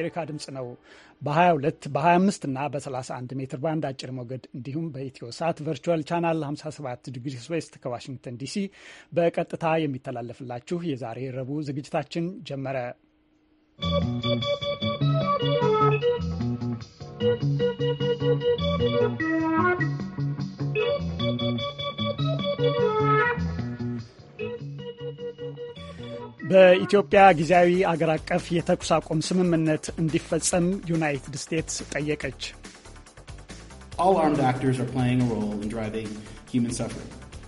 የአሜሪካ ድምፅ ነው። በ22 በ25 እና በ31 ሜትር ባንድ አጭር ሞገድ እንዲሁም በኢትዮ ሳት ቨርቹዋል ቻናል 57 ዲግሪ ስዌስት ከዋሽንግተን ዲሲ በቀጥታ የሚተላለፍላችሁ የዛሬ ረቡዕ ዝግጅታችን ጀመረ። በኢትዮጵያ ጊዜያዊ አገር አቀፍ የተኩስ አቁም ስምምነት እንዲፈጸም ዩናይትድ ስቴትስ ጠየቀች።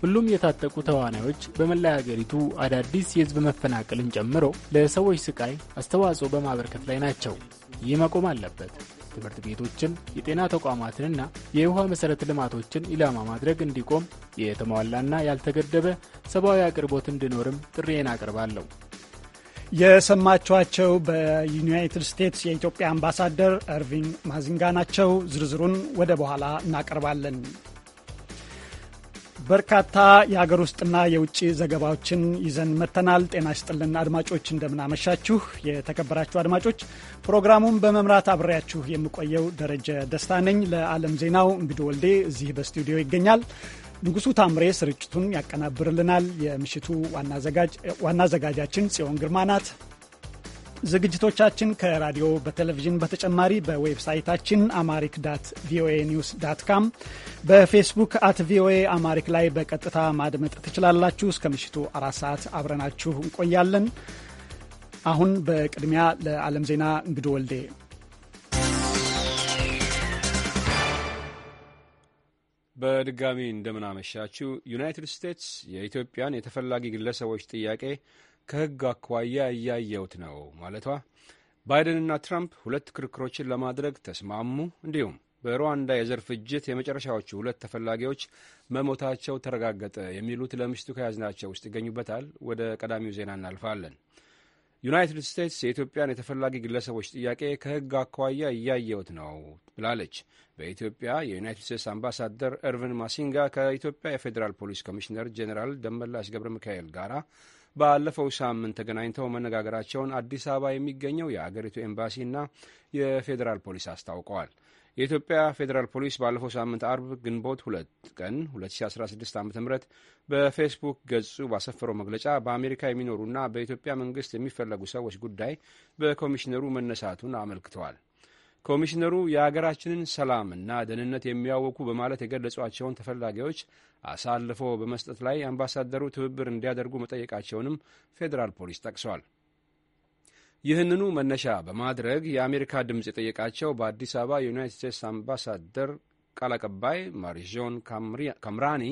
ሁሉም የታጠቁ ተዋናዮች በመላይ አገሪቱ አዳዲስ የህዝብ መፈናቀልን ጨምሮ ለሰዎች ስቃይ አስተዋጽኦ በማበርከት ላይ ናቸው። ይህ መቆም አለበት። ትምህርት ቤቶችን፣ የጤና ተቋማትንና የውሃ መሠረተ ልማቶችን ኢላማ ማድረግ እንዲቆም የተሟላና ያልተገደበ ሰብአዊ አቅርቦት እንዲኖርም ጥሪዬን አቅርባለሁ። የሰማችኋቸው በዩናይትድ ስቴትስ የኢትዮጵያ አምባሳደር እርቪን ማዚንጋ ናቸው። ዝርዝሩን ወደ በኋላ እናቀርባለን። በርካታ የሀገር ውስጥና የውጭ ዘገባዎችን ይዘን መጥተናል። ጤና ይስጥልን አድማጮች፣ እንደምናመሻችሁ። የተከበራችሁ አድማጮች፣ ፕሮግራሙን በመምራት አብሬያችሁ የምቆየው ደረጀ ደስታ ነኝ። ለዓለም ዜናው እንግዶ ወልዴ እዚህ በስቱዲዮ ይገኛል። ንጉሱ ታምሬ ስርጭቱን ያቀናብርልናል። የምሽቱ ዋና አዘጋጃችን ጽዮን ግርማ ናት። ዝግጅቶቻችን ከራዲዮ በቴሌቪዥን በተጨማሪ በዌብሳይታችን አማሪክ ዳት ቪኦኤ ኒውስ ዳት ካም በፌስቡክ አት ቪኦኤ አማሪክ ላይ በቀጥታ ማድመጥ ትችላላችሁ። እስከ ምሽቱ አራት ሰዓት አብረናችሁ እንቆያለን። አሁን በቅድሚያ ለዓለም ዜና እንግዶ ወልዴ በድጋሚ እንደምናመሻችው ዩናይትድ ስቴትስ የኢትዮጵያን የተፈላጊ ግለሰቦች ጥያቄ ከሕግ አኳያ እያየውት ነው ማለቷ፣ ባይደንና ትራምፕ ሁለት ክርክሮችን ለማድረግ ተስማሙ፣ እንዲሁም በሩዋንዳ የዘር ፍጅት የመጨረሻዎቹ ሁለት ተፈላጊዎች መሞታቸው ተረጋገጠ የሚሉት ለምሽቱ ከያዝናቸው ውስጥ ይገኙበታል። ወደ ቀዳሚው ዜና እናልፋለን። ዩናይትድ ስቴትስ የኢትዮጵያን የተፈላጊ ግለሰቦች ጥያቄ ከህግ አኳያ እያየውት ነው ብላለች። በኢትዮጵያ የዩናይትድ ስቴትስ አምባሳደር እርቪን ማሲንጋ ከኢትዮጵያ የፌዴራል ፖሊስ ኮሚሽነር ጄኔራል ደመላሽ ገብረ ሚካኤል ጋር ባለፈው ሳምንት ተገናኝተው መነጋገራቸውን አዲስ አበባ የሚገኘው የአገሪቱ ኤምባሲና የፌዴራል ፖሊስ አስታውቀዋል። የኢትዮጵያ ፌዴራል ፖሊስ ባለፈው ሳምንት አርብ ግንቦት ሁለት ቀን 2016 ዓ ም በፌስቡክ ገጹ ባሰፈረው መግለጫ በአሜሪካ የሚኖሩና በኢትዮጵያ መንግስት የሚፈለጉ ሰዎች ጉዳይ በኮሚሽነሩ መነሳቱን አመልክተዋል። ኮሚሽነሩ የሀገራችንን ሰላምና ደህንነት የሚያወቁ በማለት የገለጿቸውን ተፈላጊዎች አሳልፎ በመስጠት ላይ አምባሳደሩ ትብብር እንዲያደርጉ መጠየቃቸውንም ፌዴራል ፖሊስ ጠቅሷል። ይህንኑ መነሻ በማድረግ የአሜሪካ ድምፅ የጠየቃቸው በአዲስ አበባ የዩናይትድ ስቴትስ አምባሳደር ቃል አቀባይ ማሪዞን ካምራኒ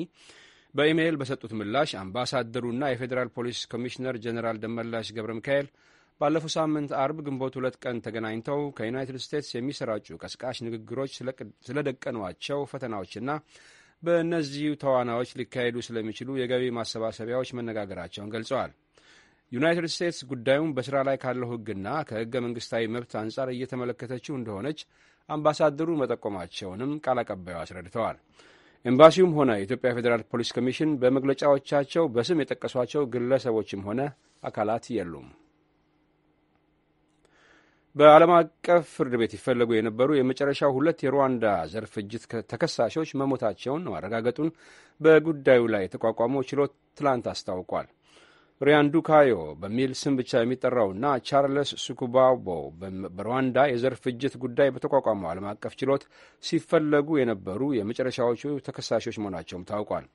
በኢሜይል በሰጡት ምላሽ አምባሳደሩና የፌዴራል ፖሊስ ኮሚሽነር ጀኔራል ደመላሽ ገብረ ሚካኤል ባለፈው ሳምንት አርብ ግንቦት ሁለት ቀን ተገናኝተው ከዩናይትድ ስቴትስ የሚሰራጩ ቀስቃሽ ንግግሮች ስለደቀኗቸው ፈተናዎችና በእነዚሁ ተዋናዮች ሊካሄዱ ስለሚችሉ የገቢ ማሰባሰቢያዎች መነጋገራቸውን ገልጸዋል። ዩናይትድ ስቴትስ ጉዳዩን በሥራ ላይ ካለው ሕግና ከሕገ መንግሥታዊ መብት አንጻር እየተመለከተችው እንደሆነች አምባሳደሩ መጠቆማቸውንም ቃል አቀባዩ አስረድተዋል። ኤምባሲውም ሆነ የኢትዮጵያ ፌዴራል ፖሊስ ኮሚሽን በመግለጫዎቻቸው በስም የጠቀሷቸው ግለሰቦችም ሆነ አካላት የሉም። በዓለም አቀፍ ፍርድ ቤት ይፈለጉ የነበሩ የመጨረሻው ሁለት የሩዋንዳ ዘር ፍጅት ተከሳሾች መሞታቸውን ማረጋገጡን በጉዳዩ ላይ የተቋቋመው ችሎት ትላንት አስታውቋል። ሪያንዱካዮ በሚል ስም ብቻ የሚጠራውና ቻርለስ ሱኩባቦ በሩዋንዳ የዘር ፍጅት ጉዳይ በተቋቋመው ዓለም አቀፍ ችሎት ሲፈለጉ የነበሩ የመጨረሻዎቹ ተከሳሾች መሆናቸውም ታውቋል።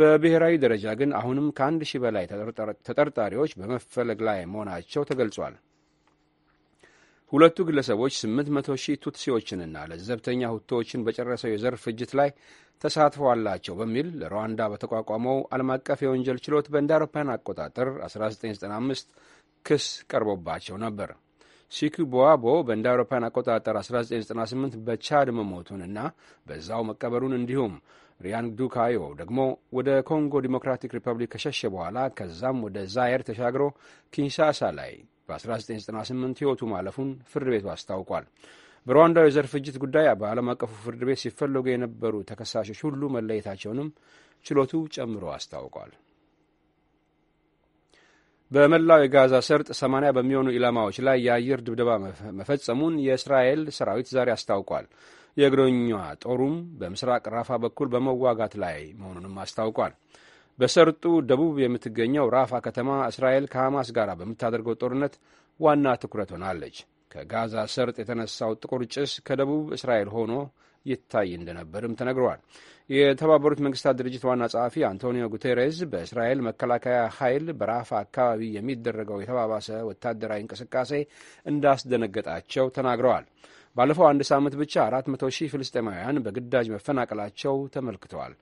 በብሔራዊ ደረጃ ግን አሁንም ከአንድ ሺህ በላይ ተጠርጣሪዎች በመፈለግ ላይ መሆናቸው ተገልጿል። ሁለቱ ግለሰቦች 800 ሺህ ቱትሲዎችንና ለዘብተኛ ሁቶዎችን በጨረሰው የዘር ፍጅት ላይ ተሳትፎ አላቸው በሚል ለሩዋንዳ በተቋቋመው ዓለም አቀፍ የወንጀል ችሎት በእንደ አውሮፓውያን አቆጣጠር 1995 ክስ ቀርቦባቸው ነበር። ሲኪ ቦዋቦ በእንደ አውሮፓውያን አቆጣጠር 1998 በቻድ መሞቱን እና በዛው መቀበሩን እንዲሁም ሪያንግ ዱካዮ ደግሞ ወደ ኮንጎ ዲሞክራቲክ ሪፐብሊክ ከሸሸ በኋላ ከዛም ወደ ዛየር ተሻግሮ ኪንሻሳ ላይ በ1998 ሕይወቱ ማለፉን ፍርድ ቤቱ አስታውቋል። በሩዋንዳው የዘር ፍጅት ጉዳይ በዓለም አቀፉ ፍርድ ቤት ሲፈለጉ የነበሩ ተከሳሾች ሁሉ መለየታቸውንም ችሎቱ ጨምሮ አስታውቋል። በመላው የጋዛ ሰርጥ 80 በሚሆኑ ኢላማዎች ላይ የአየር ድብደባ መፈጸሙን የእስራኤል ሰራዊት ዛሬ አስታውቋል። የእግረኛ ጦሩም በምስራቅ ራፋ በኩል በመዋጋት ላይ መሆኑንም አስታውቋል። በሰርጡ ደቡብ የምትገኘው ራፋ ከተማ እስራኤል ከሐማስ ጋር በምታደርገው ጦርነት ዋና ትኩረት ሆናለች። ከጋዛ ሰርጥ የተነሳው ጥቁር ጭስ ከደቡብ እስራኤል ሆኖ ይታይ እንደነበርም ተነግረዋል። የተባበሩት መንግስታት ድርጅት ዋና ጸሐፊ አንቶኒዮ ጉቴሬዝ በእስራኤል መከላከያ ኃይል በራፋ አካባቢ የሚደረገው የተባባሰ ወታደራዊ እንቅስቃሴ እንዳስደነገጣቸው ተናግረዋል። ባለፈው አንድ ሳምንት ብቻ አራት መቶ ሺህ ፍልስጤማውያን በግዳጅ መፈናቀላቸው ተመልክተዋል።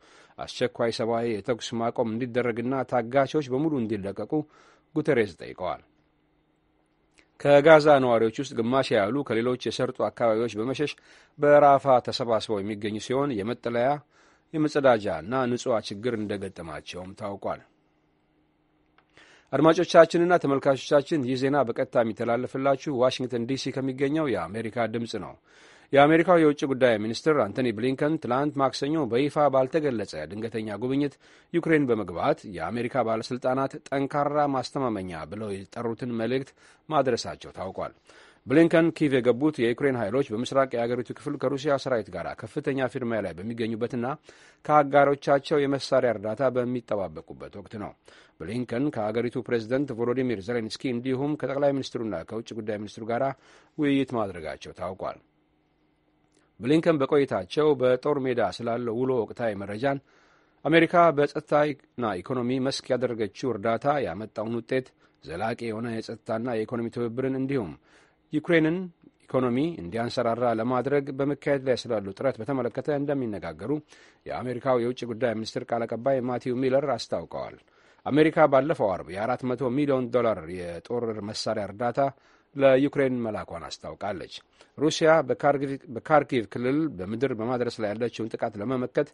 አስቸኳይ ሰብአዊ የተኩስ ማቆም እንዲደረግና ታጋቾች በሙሉ እንዲለቀቁ ጉተሬዝ ጠይቀዋል። ከጋዛ ነዋሪዎች ውስጥ ግማሽ ያሉ ከሌሎች የሰርጡ አካባቢዎች በመሸሽ በራፋ ተሰባስበው የሚገኙ ሲሆን የመጠለያ የመጸዳጃ እና ንጹዋ ችግር እንደገጠማቸውም ታውቋል። አድማጮቻችንና ተመልካቾቻችን ይህ ዜና በቀጥታ የሚተላለፍላችሁ ዋሽንግተን ዲሲ ከሚገኘው የአሜሪካ ድምፅ ነው። የአሜሪካው የውጭ ጉዳይ ሚኒስትር አንቶኒ ብሊንከን ትላንት ማክሰኞ በይፋ ባልተገለጸ ድንገተኛ ጉብኝት ዩክሬን በመግባት የአሜሪካ ባለሥልጣናት ጠንካራ ማስተማመኛ ብለው የጠሩትን መልእክት ማድረሳቸው ታውቋል። ብሊንከን ኪቭ የገቡት የዩክሬን ኃይሎች በምስራቅ የአገሪቱ ክፍል ከሩሲያ ሰራዊት ጋር ከፍተኛ ፊርማ ላይ በሚገኙበትና ከአጋሮቻቸው የመሳሪያ እርዳታ በሚጠባበቁበት ወቅት ነው። ብሊንከን ከአገሪቱ ፕሬዝደንት ቮሎዲሚር ዜሌንስኪ እንዲሁም ከጠቅላይ ሚኒስትሩና ከውጭ ጉዳይ ሚኒስትሩ ጋር ውይይት ማድረጋቸው ታውቋል። ብሊንከን በቆይታቸው በጦር ሜዳ ስላለው ውሎ ወቅታዊ መረጃን፣ አሜሪካ በጸጥታና ኢኮኖሚ መስክ ያደረገችው እርዳታ ያመጣውን ውጤት፣ ዘላቂ የሆነ የጸጥታና የኢኮኖሚ ትብብርን እንዲሁም ዩክሬንን ኢኮኖሚ እንዲያንሰራራ ለማድረግ በመካሄድ ላይ ስላሉ ጥረት በተመለከተ እንደሚነጋገሩ የአሜሪካው የውጭ ጉዳይ ሚኒስትር ቃል አቀባይ ማቲው ሚለር አስታውቀዋል። አሜሪካ ባለፈው አርብ የ400 ሚሊዮን ዶላር የጦር መሳሪያ እርዳታ ለዩክሬን መላኳን አስታውቃለች። ሩሲያ በካርኪቭ ክልል በምድር በማድረስ ላይ ያለችውን ጥቃት ለመመከት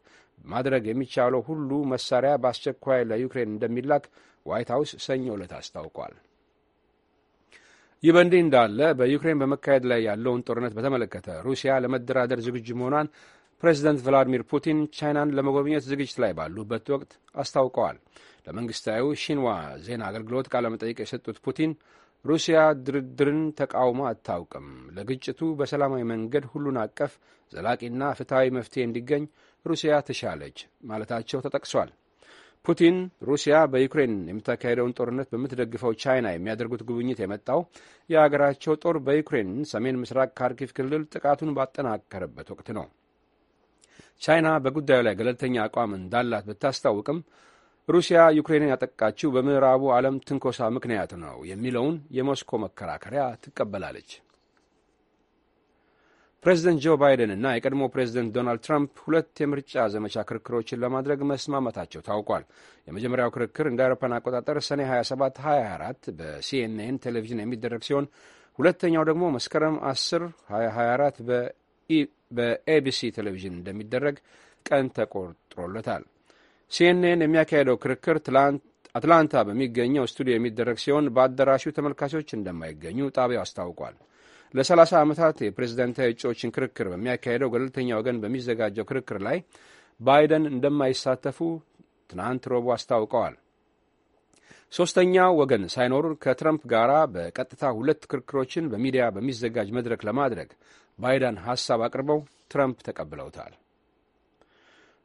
ማድረግ የሚቻለው ሁሉ መሳሪያ በአስቸኳይ ለዩክሬን እንደሚላክ ዋይት ሀውስ ሰኞ ዕለት አስታውቋል። ይህ በእንዲህ እንዳለ በዩክሬን በመካሄድ ላይ ያለውን ጦርነት በተመለከተ ሩሲያ ለመደራደር ዝግጁ መሆኗን ፕሬዚደንት ቭላዲሚር ፑቲን ቻይናን ለመጎብኘት ዝግጅት ላይ ባሉበት ወቅት አስታውቀዋል። ለመንግስታዊ ሺንዋ ዜና አገልግሎት ቃለመጠይቅ የሰጡት ፑቲን ሩሲያ ድርድርን ተቃውሞ አታውቅም። ለግጭቱ በሰላማዊ መንገድ ሁሉን አቀፍ ዘላቂና ፍትሐዊ መፍትሄ እንዲገኝ ሩሲያ ትሻለች ማለታቸው ተጠቅሷል። ፑቲን ሩሲያ በዩክሬን የምታካሄደውን ጦርነት በምትደግፈው ቻይና የሚያደርጉት ጉብኝት የመጣው የአገራቸው ጦር በዩክሬን ሰሜን ምስራቅ ካርኪቭ ክልል ጥቃቱን ባጠናከረበት ወቅት ነው። ቻይና በጉዳዩ ላይ ገለልተኛ አቋም እንዳላት ብታስታውቅም ሩሲያ ዩክሬንን ያጠቃችው በምዕራቡ ዓለም ትንኮሳ ምክንያት ነው የሚለውን የሞስኮ መከራከሪያ ትቀበላለች። ፕሬዚደንት ጆ ባይደን እና የቀድሞ ፕሬዚደንት ዶናልድ ትራምፕ ሁለት የምርጫ ዘመቻ ክርክሮችን ለማድረግ መስማማታቸው ታውቋል። የመጀመሪያው ክርክር እንደ አውሮፓን አቆጣጠር ሰኔ 27 24 በሲኤንኤን ቴሌቪዥን የሚደረግ ሲሆን ሁለተኛው ደግሞ መስከረም 10 224 በኤቢሲ ቴሌቪዥን እንደሚደረግ ቀን ተቆርጥሮለታል። ሲኤንኤን የሚያካሄደው ክርክር አትላንታ በሚገኘው ስቱዲዮ የሚደረግ ሲሆን በአዳራሹ ተመልካቾች እንደማይገኙ ጣቢያው አስታውቋል። ለ30 ዓመታት የፕሬዝደንታዊ እጩዎችን ክርክር በሚያካሄደው ገለልተኛ ወገን በሚዘጋጀው ክርክር ላይ ባይደን እንደማይሳተፉ ትናንት ሮቡ አስታውቀዋል። ሦስተኛው ወገን ሳይኖር ከትረምፕ ጋር በቀጥታ ሁለት ክርክሮችን በሚዲያ በሚዘጋጅ መድረክ ለማድረግ ባይደን ሀሳብ አቅርበው ትረምፕ ተቀብለውታል።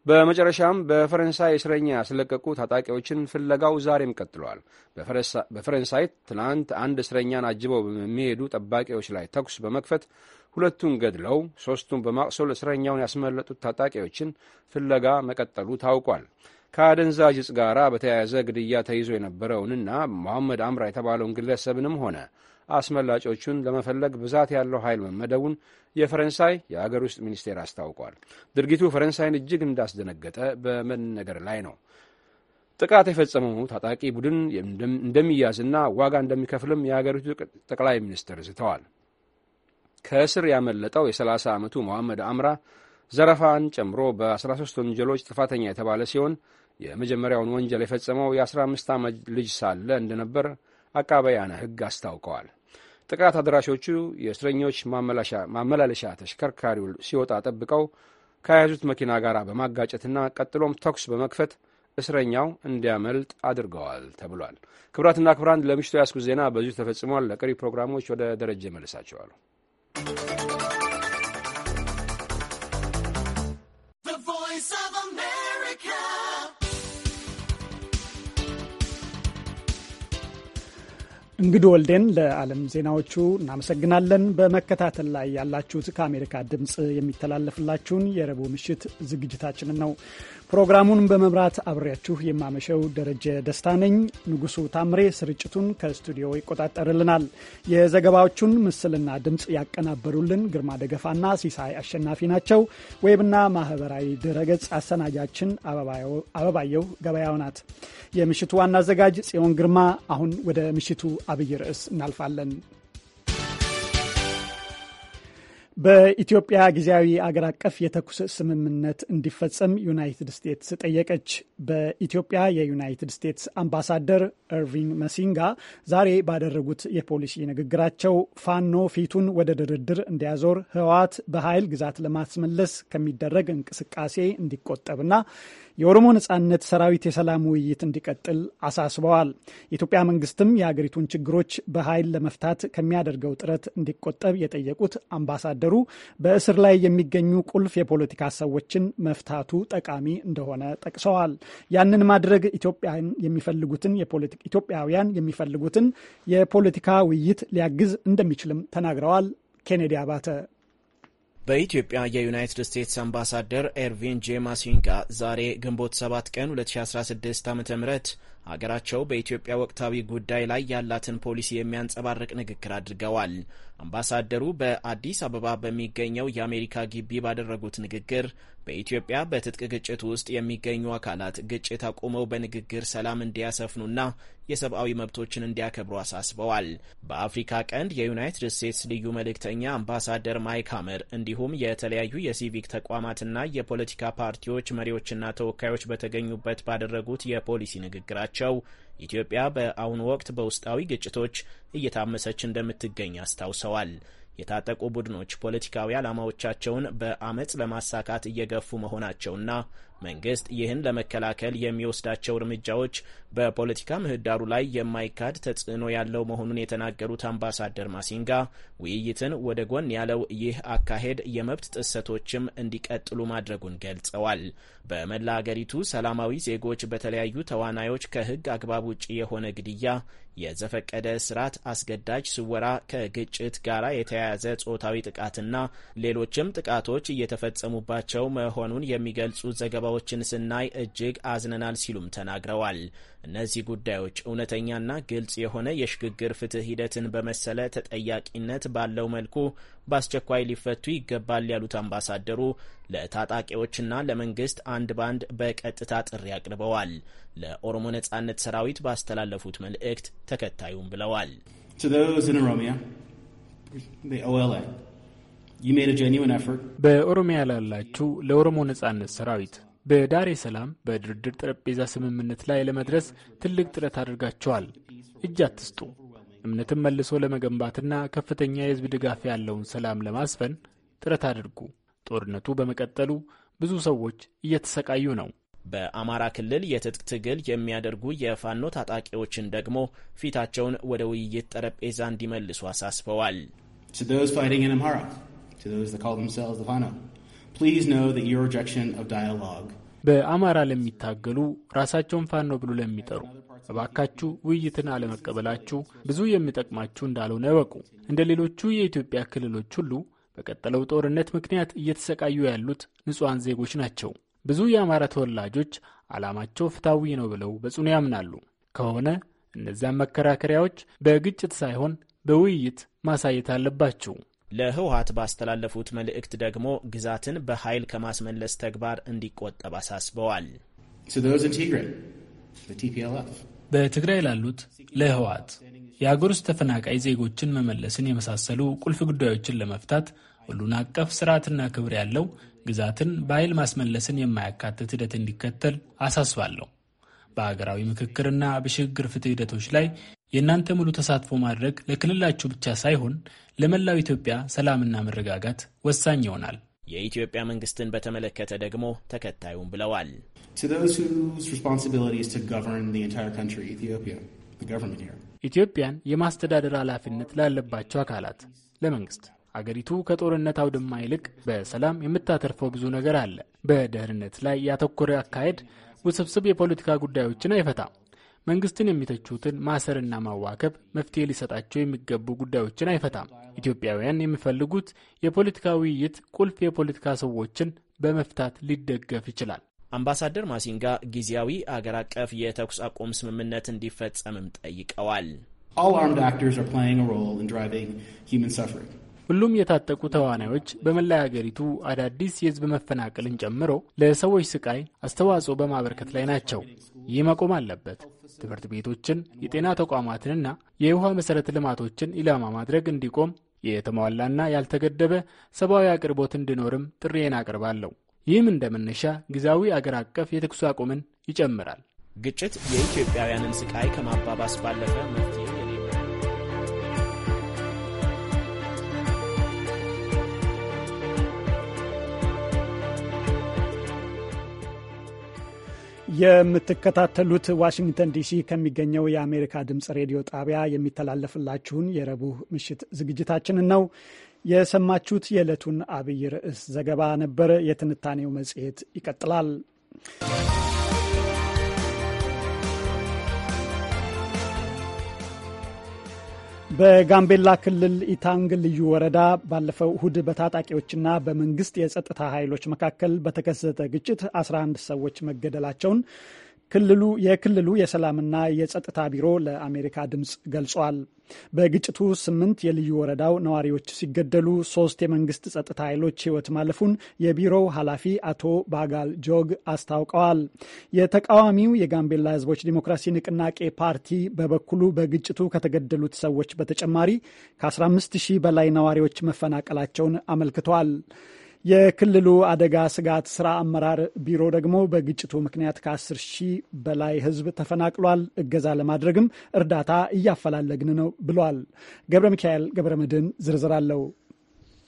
በመጨረሻም በፈረንሳይ እስረኛ ያስለቀቁ ታጣቂዎችን ፍለጋው ዛሬም ቀጥሏል። በፈረንሳይ ትናንት አንድ እስረኛን አጅበው በሚሄዱ ጠባቂዎች ላይ ተኩስ በመክፈት ሁለቱን ገድለው ሦስቱን በማቁሰል እስረኛውን ያስመለጡት ታጣቂዎችን ፍለጋ መቀጠሉ ታውቋል። ከአደንዛዥ እጽ ጋር በተያያዘ ግድያ ተይዞ የነበረውንና መሐመድ አምራ የተባለውን ግለሰብንም ሆነ አስመላጮቹን ለመፈለግ ብዛት ያለው ኃይል መመደቡን የፈረንሳይ የአገር ውስጥ ሚኒስቴር አስታውቋል። ድርጊቱ ፈረንሳይን እጅግ እንዳስደነገጠ በመነገር ላይ ነው። ጥቃት የፈጸመው ታጣቂ ቡድን እንደሚያዝና ዋጋ እንደሚከፍልም የአገሪቱ ጠቅላይ ሚኒስትር ዝተዋል። ከእስር ያመለጠው የ30 ዓመቱ መሐመድ አምራ ዘረፋን ጨምሮ በ13 ወንጀሎች ጥፋተኛ የተባለ ሲሆን የመጀመሪያውን ወንጀል የፈጸመው የ15 ዓመት ልጅ ሳለ እንደነበር አቃበያነ ሕግ አስታውቀዋል። ጥቃት አድራሾቹ የእስረኞች ማመላለሻ ተሽከርካሪው ሲወጣ ጠብቀው ከያዙት መኪና ጋር በማጋጨትና ቀጥሎም ተኩስ በመክፈት እስረኛው እንዲያመልጥ አድርገዋል ተብሏል። ክብራትና ክቡራን ለምሽቱ ያስኩት ዜና በዚሁ ተፈጽሟል። ለቀሪ ፕሮግራሞች ወደ ደረጀ መልሳቸዋሉ። እንግዱ ወልዴን ለዓለም ዜናዎቹ እናመሰግናለን። በመከታተል ላይ ያላችሁት ከአሜሪካ ድምፅ የሚተላለፍላችሁን የረቡዕ ምሽት ዝግጅታችንን ነው። ፕሮግራሙን በመምራት አብሬያችሁ የማመሸው ደረጀ ደስታ ነኝ። ንጉሱ ታምሬ ስርጭቱን ከስቱዲዮ ይቆጣጠርልናል። የዘገባዎቹን ምስልና ድምፅ ያቀናበሩልን ግርማ ደገፋና ሲሳይ አሸናፊ ናቸው። ዌብና ማህበራዊ ድረገጽ አሰናጃችን አበባየው ገበያው ናት። የምሽቱ ዋና አዘጋጅ ጽዮን ግርማ። አሁን ወደ ምሽቱ አብይ ርዕስ እናልፋለን። በኢትዮጵያ ጊዜያዊ አገር አቀፍ የተኩስ ስምምነት እንዲፈጸም ዩናይትድ ስቴትስ ጠየቀች። በኢትዮጵያ የዩናይትድ ስቴትስ አምባሳደር እርቪን መሲንጋ ዛሬ ባደረጉት የፖሊሲ ንግግራቸው ፋኖ ፊቱን ወደ ድርድር እንዲያዞር፣ ህወሓት በኃይል ግዛት ለማስመለስ ከሚደረግ እንቅስቃሴ እንዲቆጠብና የኦሮሞ ነጻነት ሰራዊት የሰላም ውይይት እንዲቀጥል አሳስበዋል። የኢትዮጵያ መንግስትም የሀገሪቱን ችግሮች በኃይል ለመፍታት ከሚያደርገው ጥረት እንዲቆጠብ የጠየቁት አምባሳደሩ በእስር ላይ የሚገኙ ቁልፍ የፖለቲካ ሰዎችን መፍታቱ ጠቃሚ እንደሆነ ጠቅሰዋል። ያንን ማድረግ ኢትዮጵያን የሚፈልጉትን ኢትዮጵያውያን የሚፈልጉትን የፖለቲካ ውይይት ሊያግዝ እንደሚችልም ተናግረዋል። ኬኔዲ አባተ በኢትዮጵያ የዩናይትድ ስቴትስ አምባሳደር ኤርቪን ጄ ማሲንጋ ዛሬ ግንቦት 7 ቀን 2016 ዓ ም አገራቸው በኢትዮጵያ ወቅታዊ ጉዳይ ላይ ያላትን ፖሊሲ የሚያንጸባርቅ ንግግር አድርገዋል። አምባሳደሩ በአዲስ አበባ በሚገኘው የአሜሪካ ግቢ ባደረጉት ንግግር በኢትዮጵያ በትጥቅ ግጭት ውስጥ የሚገኙ አካላት ግጭት አቁመው በንግግር ሰላም እንዲያሰፍኑና የሰብአዊ መብቶችን እንዲያከብሩ አሳስበዋል። በአፍሪካ ቀንድ የዩናይትድ ስቴትስ ልዩ መልእክተኛ አምባሳደር ማይክ ሀመር እንዲሁም የተለያዩ የሲቪክ ተቋማትና የፖለቲካ ፓርቲዎች መሪዎችና ተወካዮች በተገኙበት ባደረጉት የፖሊሲ ንግግራቸው ናቸው። ኢትዮጵያ በአሁኑ ወቅት በውስጣዊ ግጭቶች እየታመሰች እንደምትገኝ አስታውሰዋል። የታጠቁ ቡድኖች ፖለቲካዊ ዓላማዎቻቸውን በአመፅ ለማሳካት እየገፉ መሆናቸውና መንግስት ይህን ለመከላከል የሚወስዳቸው እርምጃዎች በፖለቲካ ምህዳሩ ላይ የማይካድ ተጽዕኖ ያለው መሆኑን የተናገሩት አምባሳደር ማሲንጋ ውይይትን ወደ ጎን ያለው ይህ አካሄድ የመብት ጥሰቶችም እንዲቀጥሉ ማድረጉን ገልጸዋል። በመላ አገሪቱ ሰላማዊ ዜጎች በተለያዩ ተዋናዮች ከህግ አግባብ ውጭ የሆነ ግድያ፣ የዘፈቀደ ስርዓት፣ አስገዳጅ ስወራ፣ ከግጭት ጋር የተያያዘ ጾታዊ ጥቃትና ሌሎችም ጥቃቶች እየተፈጸሙባቸው መሆኑን የሚገልጹ ዘገባ ዘገባዎችን ስናይ እጅግ አዝነናል ሲሉም ተናግረዋል። እነዚህ ጉዳዮች እውነተኛና ግልጽ የሆነ የሽግግር ፍትህ ሂደትን በመሰለ ተጠያቂነት ባለው መልኩ በአስቸኳይ ሊፈቱ ይገባል ያሉት አምባሳደሩ ለታጣቂዎችና ለመንግስት አንድ ባንድ በቀጥታ ጥሪ አቅርበዋል። ለኦሮሞ ነጻነት ሰራዊት ባስተላለፉት መልእክት ተከታዩም ብለዋል። በኦሮሚያ ላላችሁ ለኦሮሞ ነጻነት ሰራዊት በዳሬ ሰላም በድርድር ጠረጴዛ ስምምነት ላይ ለመድረስ ትልቅ ጥረት አድርጋቸዋል። እጅ አትስጡ። እምነትን መልሶ ለመገንባትና ከፍተኛ የህዝብ ድጋፍ ያለውን ሰላም ለማስፈን ጥረት አድርጉ። ጦርነቱ በመቀጠሉ ብዙ ሰዎች እየተሰቃዩ ነው። በአማራ ክልል የትጥቅ ትግል የሚያደርጉ የፋኖ ታጣቂዎችን ደግሞ ፊታቸውን ወደ ውይይት ጠረጴዛ እንዲመልሱ አሳስበዋል። ፋኖ በአማራ ለሚታገሉ ራሳቸውን ፋኖ ብሎ ለሚጠሩ እባካችሁ ውይይትን አለመቀበላችሁ ብዙ የሚጠቅማችሁ እንዳልሆነ እወቁ። እንደ ሌሎቹ የኢትዮጵያ ክልሎች ሁሉ በቀጠለው ጦርነት ምክንያት እየተሰቃዩ ያሉት ንጹሐን ዜጎች ናቸው። ብዙ የአማራ ተወላጆች ዓላማቸው ፍታዊ ነው ብለው በጽኑ ያምናሉ። ከሆነ እነዚያን መከራከሪያዎች በግጭት ሳይሆን በውይይት ማሳየት አለባቸው። ለህወሀት ባስተላለፉት መልእክት ደግሞ ግዛትን በኃይል ከማስመለስ ተግባር እንዲቆጠብ አሳስበዋል። በትግራይ ላሉት ለህወሀት የአገር ውስጥ ተፈናቃይ ዜጎችን መመለስን የመሳሰሉ ቁልፍ ጉዳዮችን ለመፍታት ሁሉን አቀፍ ስርዓትና ክብር ያለው ግዛትን በኃይል ማስመለስን የማያካትት ሂደት እንዲከተል አሳስባለሁ። በሀገራዊ ምክክርና በሽግግር ፍትህ ሂደቶች ላይ የእናንተ ሙሉ ተሳትፎ ማድረግ ለክልላችሁ ብቻ ሳይሆን ለመላው ኢትዮጵያ ሰላምና መረጋጋት ወሳኝ ይሆናል። የኢትዮጵያ መንግስትን በተመለከተ ደግሞ ተከታዩም ብለዋል። ኢትዮጵያን የማስተዳደር ኃላፊነት ላለባቸው አካላት፣ ለመንግስት አገሪቱ ከጦርነት አውድማ ይልቅ በሰላም የምታተርፈው ብዙ ነገር አለ። በደህንነት ላይ ያተኮረ አካሄድ ውስብስብ የፖለቲካ ጉዳዮችን አይፈታም። መንግስትን የሚተቹትን ማሰርና ማዋከብ መፍትሄ ሊሰጣቸው የሚገቡ ጉዳዮችን አይፈታም። ኢትዮጵያውያን የሚፈልጉት የፖለቲካ ውይይት ቁልፍ የፖለቲካ ሰዎችን በመፍታት ሊደገፍ ይችላል። አምባሳደር ማሲንጋ ጊዜያዊ አገር አቀፍ የተኩስ አቁም ስምምነት እንዲፈጸምም ጠይቀዋል። ሁሉም የታጠቁ ተዋናዮች በመላይ አገሪቱ አዳዲስ የህዝብ መፈናቀልን ጨምሮ ለሰዎች ስቃይ አስተዋጽኦ በማበርከት ላይ ናቸው። ይህ መቆም አለበት። ትምህርት ቤቶችን፣ የጤና ተቋማትንና የውሃ መሠረተ ልማቶችን ኢላማ ማድረግ እንዲቆም የተሟላና ያልተገደበ ሰብአዊ አቅርቦት እንዲኖርም ጥሪዬን አቅርባለሁ። ይህም እንደ መነሻ ጊዜያዊ አገር አቀፍ የተኩስ አቁምን ይጨምራል። ግጭት የኢትዮጵያውያንን ስቃይ ከማባባስ ባለፈ መፍትሄ የምትከታተሉት ዋሽንግተን ዲሲ ከሚገኘው የአሜሪካ ድምፅ ሬዲዮ ጣቢያ የሚተላለፍላችሁን የረቡዕ ምሽት ዝግጅታችንን ነው የሰማችሁት። የዕለቱን አብይ ርዕስ ዘገባ ነበር። የትንታኔው መጽሔት ይቀጥላል። በጋምቤላ ክልል ኢታንግ ልዩ ወረዳ ባለፈው እሁድ በታጣቂዎችና በመንግስት የጸጥታ ኃይሎች መካከል በተከሰተ ግጭት 11 ሰዎች መገደላቸውን ክልሉ የክልሉ የሰላምና የጸጥታ ቢሮ ለአሜሪካ ድምፅ ገልጿል። በግጭቱ ስምንት የልዩ ወረዳው ነዋሪዎች ሲገደሉ ሶስት የመንግስት ጸጥታ ኃይሎች ሕይወት ማለፉን የቢሮው ኃላፊ አቶ ባጋል ጆግ አስታውቀዋል። የተቃዋሚው የጋምቤላ ህዝቦች ዲሞክራሲ ንቅናቄ ፓርቲ በበኩሉ በግጭቱ ከተገደሉት ሰዎች በተጨማሪ ከ15 ሺህ በላይ ነዋሪዎች መፈናቀላቸውን አመልክቷል። የክልሉ አደጋ ስጋት ስራ አመራር ቢሮ ደግሞ በግጭቱ ምክንያት ከ10 ሺህ በላይ ህዝብ ተፈናቅሏል፣ እገዛ ለማድረግም እርዳታ እያፈላለግን ነው ብሏል። ገብረ ሚካኤል ገብረ መድን ዝርዝር አለው።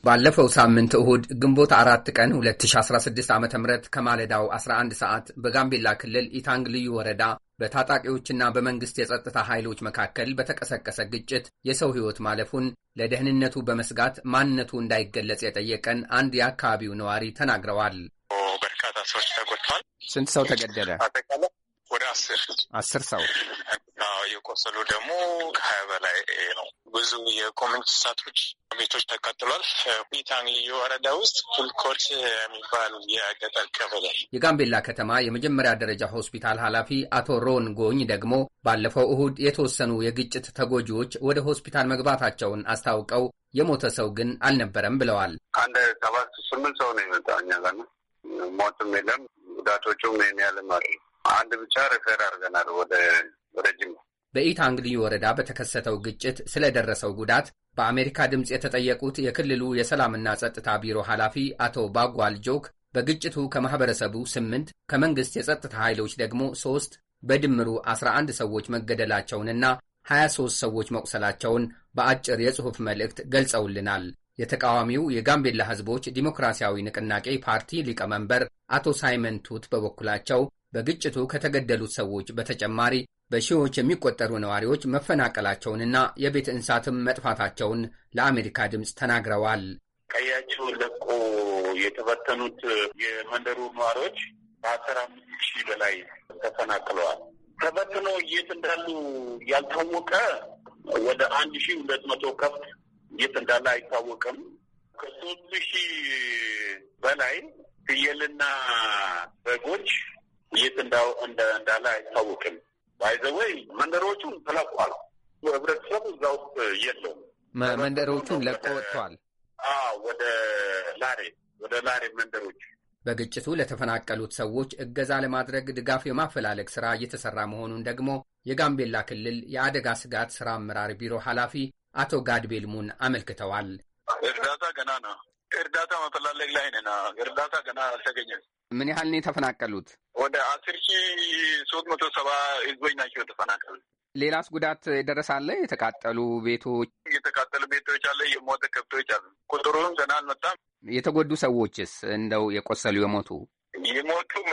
ባለፈው ሳምንት እሁድ ግንቦት አራት ቀን 2016 ዓ ም ከማለዳው 11 ሰዓት በጋምቤላ ክልል ኢታንግ ልዩ ወረዳ በታጣቂዎችና በመንግሥት የጸጥታ ኃይሎች መካከል በተቀሰቀሰ ግጭት የሰው ሕይወት ማለፉን ለደህንነቱ በመስጋት ማንነቱ እንዳይገለጽ የጠየቀን አንድ የአካባቢው ነዋሪ ተናግረዋል። በርካታ ሰዎች ተጎድተዋል። ስንት ሰው ተገደለ? ወደ አስር አስር ሰው የቆሰሉ ደግሞ ከሀያ በላይ ነው። ብዙ የኮሚኒቲ ሳቶች ቤቶች ተቃጥሏል። ቢታን ወረዳ ውስጥ ፉልኮርት የሚባል የገጠር ቀበሌ የጋምቤላ ከተማ የመጀመሪያ ደረጃ ሆስፒታል ኃላፊ አቶ ሮን ጎኝ ደግሞ ባለፈው እሁድ የተወሰኑ የግጭት ተጎጂዎች ወደ ሆስፒታል መግባታቸውን አስታውቀው የሞተ ሰው ግን አልነበረም ብለዋል። ከአንድ ሰባት ስምንት ሰው ነው የመጣው እኛ ጋር ሞትም የለም ጉዳቶቹም ይህን ያህልም አይደለም። አንድ ብቻ ሪፌር አድርገናል ወደ ወደ ጅማ። በኢታንግ ወረዳ በተከሰተው ግጭት ስለደረሰው ጉዳት በአሜሪካ ድምፅ የተጠየቁት የክልሉ የሰላምና ጸጥታ ቢሮ ኃላፊ አቶ ባጓል ጆክ በግጭቱ ከማኅበረሰቡ ስምንት ከመንግሥት የጸጥታ ኃይሎች ደግሞ ሦስት በድምሩ 11 ሰዎች መገደላቸውንና 23 ሰዎች መቁሰላቸውን በአጭር የጽሑፍ መልእክት ገልጸውልናል። የተቃዋሚው የጋምቤላ ሕዝቦች ዲሞክራሲያዊ ንቅናቄ ፓርቲ ሊቀመንበር አቶ ሳይመን ቱት በበኩላቸው በግጭቱ ከተገደሉት ሰዎች በተጨማሪ በሺዎች የሚቆጠሩ ነዋሪዎች መፈናቀላቸውንና የቤት እንስሳትም መጥፋታቸውን ለአሜሪካ ድምፅ ተናግረዋል። ቀያቸው ለቆ የተበተኑት የመንደሩ ነዋሪዎች በአስራ አምስት ሺህ በላይ ተፈናቅለዋል። ተበትኖ የት እንዳሉ ያልታወቀ ወደ አንድ ሺህ ሁለት መቶ ከብት የት እንዳለ አይታወቅም። ከሶስት ሺህ በላይ ፍየልና በጎች የት እንዳለ አይታወቅም። ባይዘወይ መንደሮቹን ተለቋል። ህብረተሰቡ እዛ ውስጥ የለውም። መንደሮቹን ለቆ ወጥተዋል። ወደ ላሬ ወደ ላሬ መንደሮች በግጭቱ ለተፈናቀሉት ሰዎች እገዛ ለማድረግ ድጋፍ የማፈላለግ ስራ እየተሰራ መሆኑን ደግሞ የጋምቤላ ክልል የአደጋ ስጋት ስራ አመራር ቢሮ ኃላፊ አቶ ጋድቤልሙን አመልክተዋል። እርዳታ ገና ነው። እርዳታ መፈላለግ ላይ ነና እርዳታ ገና አልተገኘም። ምን ያህል ነው የተፈናቀሉት? ወደ አስር ሺ ሶስት መቶ ሰባ ህዝቦች ናቸው የተፈናቀሉት። ሌላስ ጉዳት የደረሳለ? የተቃጠሉ ቤቶች የተቃጠሉ ቤቶች አለ፣ የሞተ ከብቶች አሉ። ቁጥሩም ገና አልመጣም። የተጎዱ ሰዎችስ እንደው የቆሰሉ የሞቱ ይሞቱም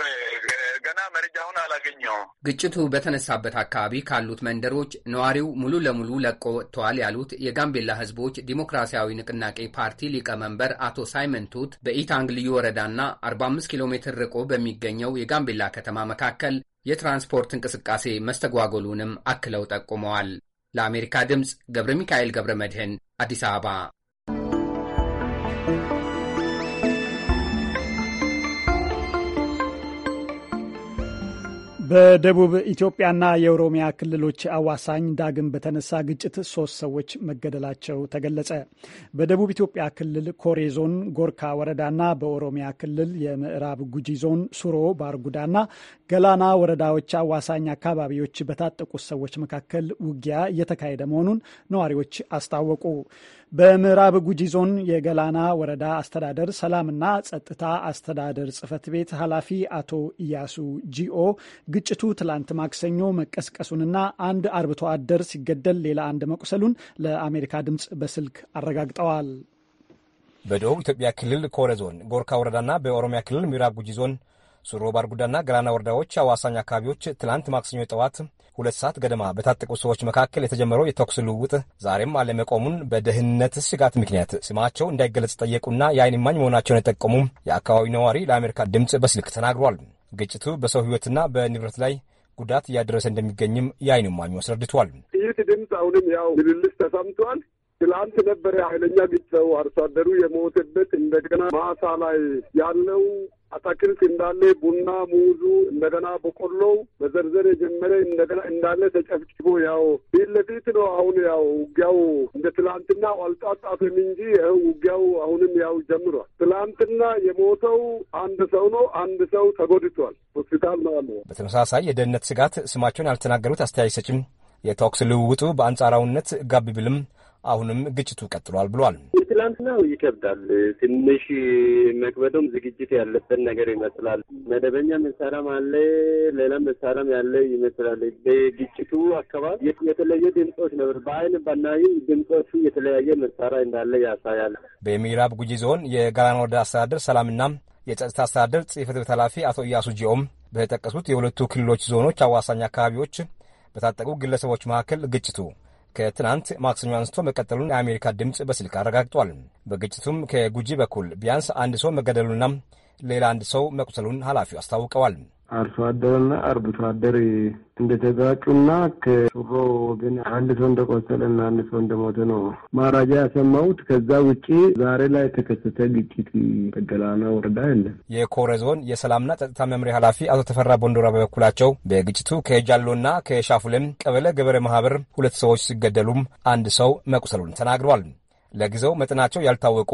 ገና መረጃውን አላገኘው። ግጭቱ በተነሳበት አካባቢ ካሉት መንደሮች ነዋሪው ሙሉ ለሙሉ ለቆ ወጥተዋል ያሉት የጋምቤላ ሕዝቦች ዲሞክራሲያዊ ንቅናቄ ፓርቲ ሊቀመንበር አቶ ሳይመን ቱት በኢታንግ ልዩ ወረዳና 45 ኪሎ ሜትር ርቆ በሚገኘው የጋምቤላ ከተማ መካከል የትራንስፖርት እንቅስቃሴ መስተጓጎሉንም አክለው ጠቁመዋል። ለአሜሪካ ድምፅ ገብረ ሚካኤል ገብረ መድህን አዲስ አበባ በደቡብ ኢትዮጵያና የኦሮሚያ ክልሎች አዋሳኝ ዳግም በተነሳ ግጭት ሶስት ሰዎች መገደላቸው ተገለጸ። በደቡብ ኢትዮጵያ ክልል ኮሬ ዞን ጎርካ ወረዳና በኦሮሚያ ክልል የምዕራብ ጉጂ ዞን ሱሮ ባርጉዳና ገላና ወረዳዎች አዋሳኝ አካባቢዎች በታጠቁት ሰዎች መካከል ውጊያ እየተካሄደ መሆኑን ነዋሪዎች አስታወቁ። በምዕራብ ጉጂ ዞን የገላና ወረዳ አስተዳደር ሰላምና ጸጥታ አስተዳደር ጽሕፈት ቤት ኃላፊ አቶ ኢያሱ ጂኦ ግጭቱ ትላንት ማክሰኞ መቀስቀሱንና አንድ አርብቶ አደር ሲገደል ሌላ አንድ መቁሰሉን ለአሜሪካ ድምፅ በስልክ አረጋግጠዋል። በደቡብ ኢትዮጵያ ክልል ኮረ ዞን ጎርካ ወረዳና በኦሮሚያ ክልል ምዕራብ ጉጂ ዞን ሱሮ ባርጉዳና ገላና ወረዳዎች አዋሳኝ አካባቢዎች ትላንት ማክሰኞ ጠዋት ሁለት ሰዓት ገደማ በታጠቁ ሰዎች መካከል የተጀመረው የተኩስ ልውውጥ ዛሬም አለመቆሙን በደህንነት ስጋት ምክንያት ስማቸው እንዳይገለጽ ጠየቁና የአይን ማኝ መሆናቸውን የጠቀሙ የአካባቢው ነዋሪ ለአሜሪካ ድምፅ በስልክ ተናግሯል። ግጭቱ በሰው ሕይወትና በንብረት ላይ ጉዳት እያደረሰ እንደሚገኝም የአይን እማኙ አስረድቷል። ጥይት ድምፅ አሁንም ያው ምልልስ ተሰምቷል። ትላንት ነበረ ኃይለኛ ግጭት፣ አርሶ አደሩ የሞተበት እንደገና ማሳ ላይ ያለው አታክልት እንዳለ ቡና፣ ሙዙ፣ እንደገና በቆሎው በዘርዘር የጀመረ እንደገና እንዳለ ተጨፍጭፎ ያው ፊት ለፊት ነው። አሁን ያው ውጊያው እንደ ትላንትና አልጣጣፍም እንጂ ውጊያው አሁንም ያው ጀምሯል። ትላንትና የሞተው አንድ ሰው ነው። አንድ ሰው ተጎድቷል። ሆስፒታል ነው ያለ። በተመሳሳይ የደህንነት ስጋት ስማቸውን ያልተናገሩት አስተያየት ሰጭም የተኩስ ልውውጡ በአንጻራዊነት ጋብ ቢልም አሁንም ግጭቱ ቀጥሏል ብሏል። ትላንትናው ይከብዳል። ትንሽ መክበዶም ዝግጅት ያለበት ነገር ይመስላል። መደበኛ መሳሪያም አለ፣ ሌላ መሳሪያም ያለ ይመስላል። በግጭቱ አካባቢ የተለየ ድምጾች ነበር። በአይን ባናይም ድምጾቹ የተለያየ መሳሪያ እንዳለ ያሳያል። በምዕራብ ጉጂ ዞን የጋራን ወረዳ አስተዳደር ሰላምና የጸጥታ አስተዳደር ጽህፈት ቤት ኃላፊ አቶ እያሱ ጂኦም በጠቀሱት የሁለቱ ክልሎች ዞኖች አዋሳኝ አካባቢዎች በታጠቁ ግለሰቦች መካከል ግጭቱ ከትናንት ማክሰኞ አንስቶ መቀጠሉን የአሜሪካ ድምፅ በስልክ አረጋግጧል። በግጭቱም ከጉጂ በኩል ቢያንስ አንድ ሰው መገደሉና ሌላ አንድ ሰው መቁሰሉን ኃላፊው አስታውቀዋል። አርሶ አደርና አርብቶ አደር እንደተጋጩና ከሱሮ ወገን አንድ ሰው እንደቆሰለና አንድ ሰው እንደሞተ ነው ማራጃ ያሰማሁት። ከዛ ውጪ ዛሬ ላይ የተከሰተ ግጭት ጠገላና ወረዳ የለም። የኮረ ዞን የሰላምና ጸጥታ መምሪያ ኃላፊ አቶ ተፈራ ቦንዶራ በበኩላቸው በግጭቱ ከጃሎና ከሻፉለም ቀበሌ ገበሬ ማህበር ሁለት ሰዎች ሲገደሉም አንድ ሰው መቁሰሉን ተናግረዋል። ለጊዜው መጠናቸው ያልታወቁ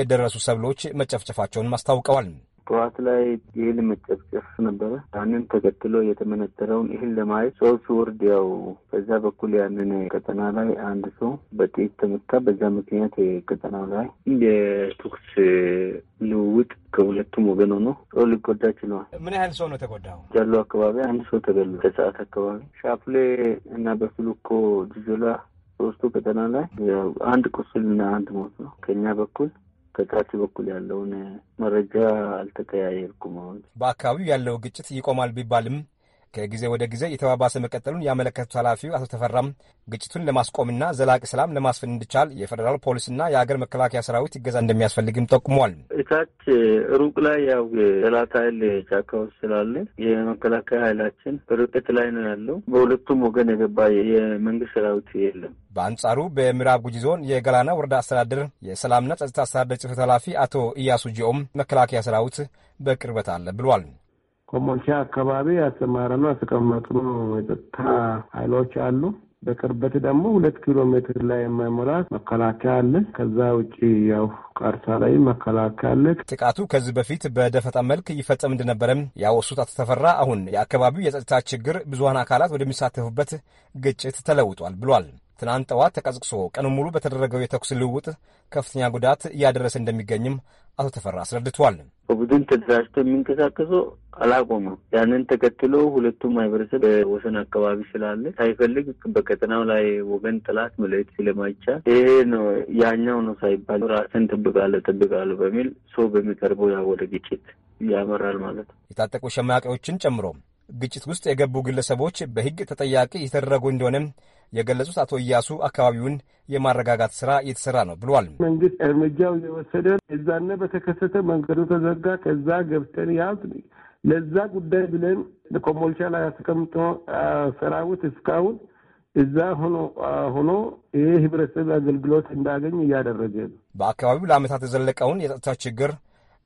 የደረሱ ሰብሎች መጨፍጨፋቸውን አስታውቀዋል። ጠዋት ላይ የእህል መጨፍጨፍ ነበረ። ያንን ተከትሎ የተመነጠረውን እህል ለማየት ሰው ሲወርድ ያው በዛ በኩል ያንን ቀጠና ላይ አንድ ሰው በጤት ተመታ። በዛ ምክንያት ቀጠና ላይ የቱክስ ልውውጥ ከሁለቱም ወገን ሆኖ ሰው ሊጎዳ ችለዋል። ምን ያህል ሰው ነው ተጎዳው? ጃሎ አካባቢ አንድ ሰው ተገሉ። ከሰዓት አካባቢ ሻፍሌ እና በፍሉኮ ጅጆላ ሶስቱ ቀጠና ላይ አንድ ቁስልና አንድ ሞት ነው ከኛ በኩል ከጣት በኩል ያለውን መረጃ አልተቀያየርኩም። አሁን በአካባቢው ያለው ግጭት ይቆማል ቢባልም ከጊዜ ወደ ጊዜ የተባባሰ መቀጠሉን ያመለከቱት ኃላፊው አቶ ተፈራም ግጭቱን ለማስቆምና ዘላቂ ሰላም ለማስፈን እንዲቻል የፌዴራል ፖሊስና የሀገር መከላከያ ሰራዊት ይገዛ እንደሚያስፈልግም ጠቁሟል። እታች ሩቅ ላይ ያው ጠላት ኃይል ጫካ ውስጥ ስላለ የመከላከያ ኃይላችን ርቀት ላይ ነው ያለው። በሁለቱም ወገን የገባ የመንግስት ሰራዊት የለም። በአንጻሩ በምዕራብ ጉጂ ዞን የገላና ወረዳ አስተዳደር የሰላምና ጸጥታ አስተዳደር ጽሕፈት ኃላፊ አቶ ኢያሱ ጂኦም መከላከያ ሰራዊት በቅርበት አለ ብሏል። ኮምቦልቻ አካባቢ ያሰማረኑ ያስቀመጥኑ የጸጥታ ኃይሎች አሉ። በቅርበት ደግሞ ሁለት ኪሎ ሜትር ላይ የማይሞላ መከላከያ አለ። ከዛ ውጭ ያው ቀርሳ ላይ መከላከያ አለ። ጥቃቱ ከዚህ በፊት በደፈጣ መልክ ይፈጸም እንደነበረም ያወሱት አቶ ተፈራ አሁን የአካባቢው የጸጥታ ችግር ብዙሀን አካላት ወደሚሳተፉበት ግጭት ተለውጧል ብሏል። ትናንት ጠዋት ተቀዝቅሶ ቀኑ ሙሉ በተደረገው የተኩስ ልውውጥ ከፍተኛ ጉዳት እያደረሰ እንደሚገኝም አቶ ተፈራ አስረድተዋል። በቡድን ተደራጅቶ የሚንቀሳቀሰው አላቆመም። ያንን ተከትሎ ሁለቱም ማህበረሰብ በወሰን አካባቢ ስላለ ሳይፈልግ በቀጠናው ላይ ወገን ጥላት መለየት ስለማይቻል ይሄ ነው ያኛው ነው ሳይባል ራስን ጠብቃለሁ ጠብቃለሁ በሚል ሰው በሚቀርበው ያ ወደ ግጭት ያመራል ማለት ነው። የታጠቁ ሸማቂዎችን ጨምሮ ግጭት ውስጥ የገቡ ግለሰቦች በህግ ተጠያቂ የተደረጉ እንደሆነም የገለጹት አቶ እያሱ አካባቢውን የማረጋጋት ስራ እየተሰራ ነው ብሏል። መንግስት እርምጃው የወሰደ እዛነ በተከሰተ መንገዱ ተዘጋ። ከዛ ገብተን ያዝ ለዛ ጉዳይ ብለን ኮምቦልቻ ላይ አስቀምጦ ሰራዊት እስካሁን እዛ ሆኖ ሆኖ ይህ ህብረተሰብ አገልግሎት እንዳገኝ እያደረገ ነው። በአካባቢው ለአመታት የዘለቀውን የጸጥታ ችግር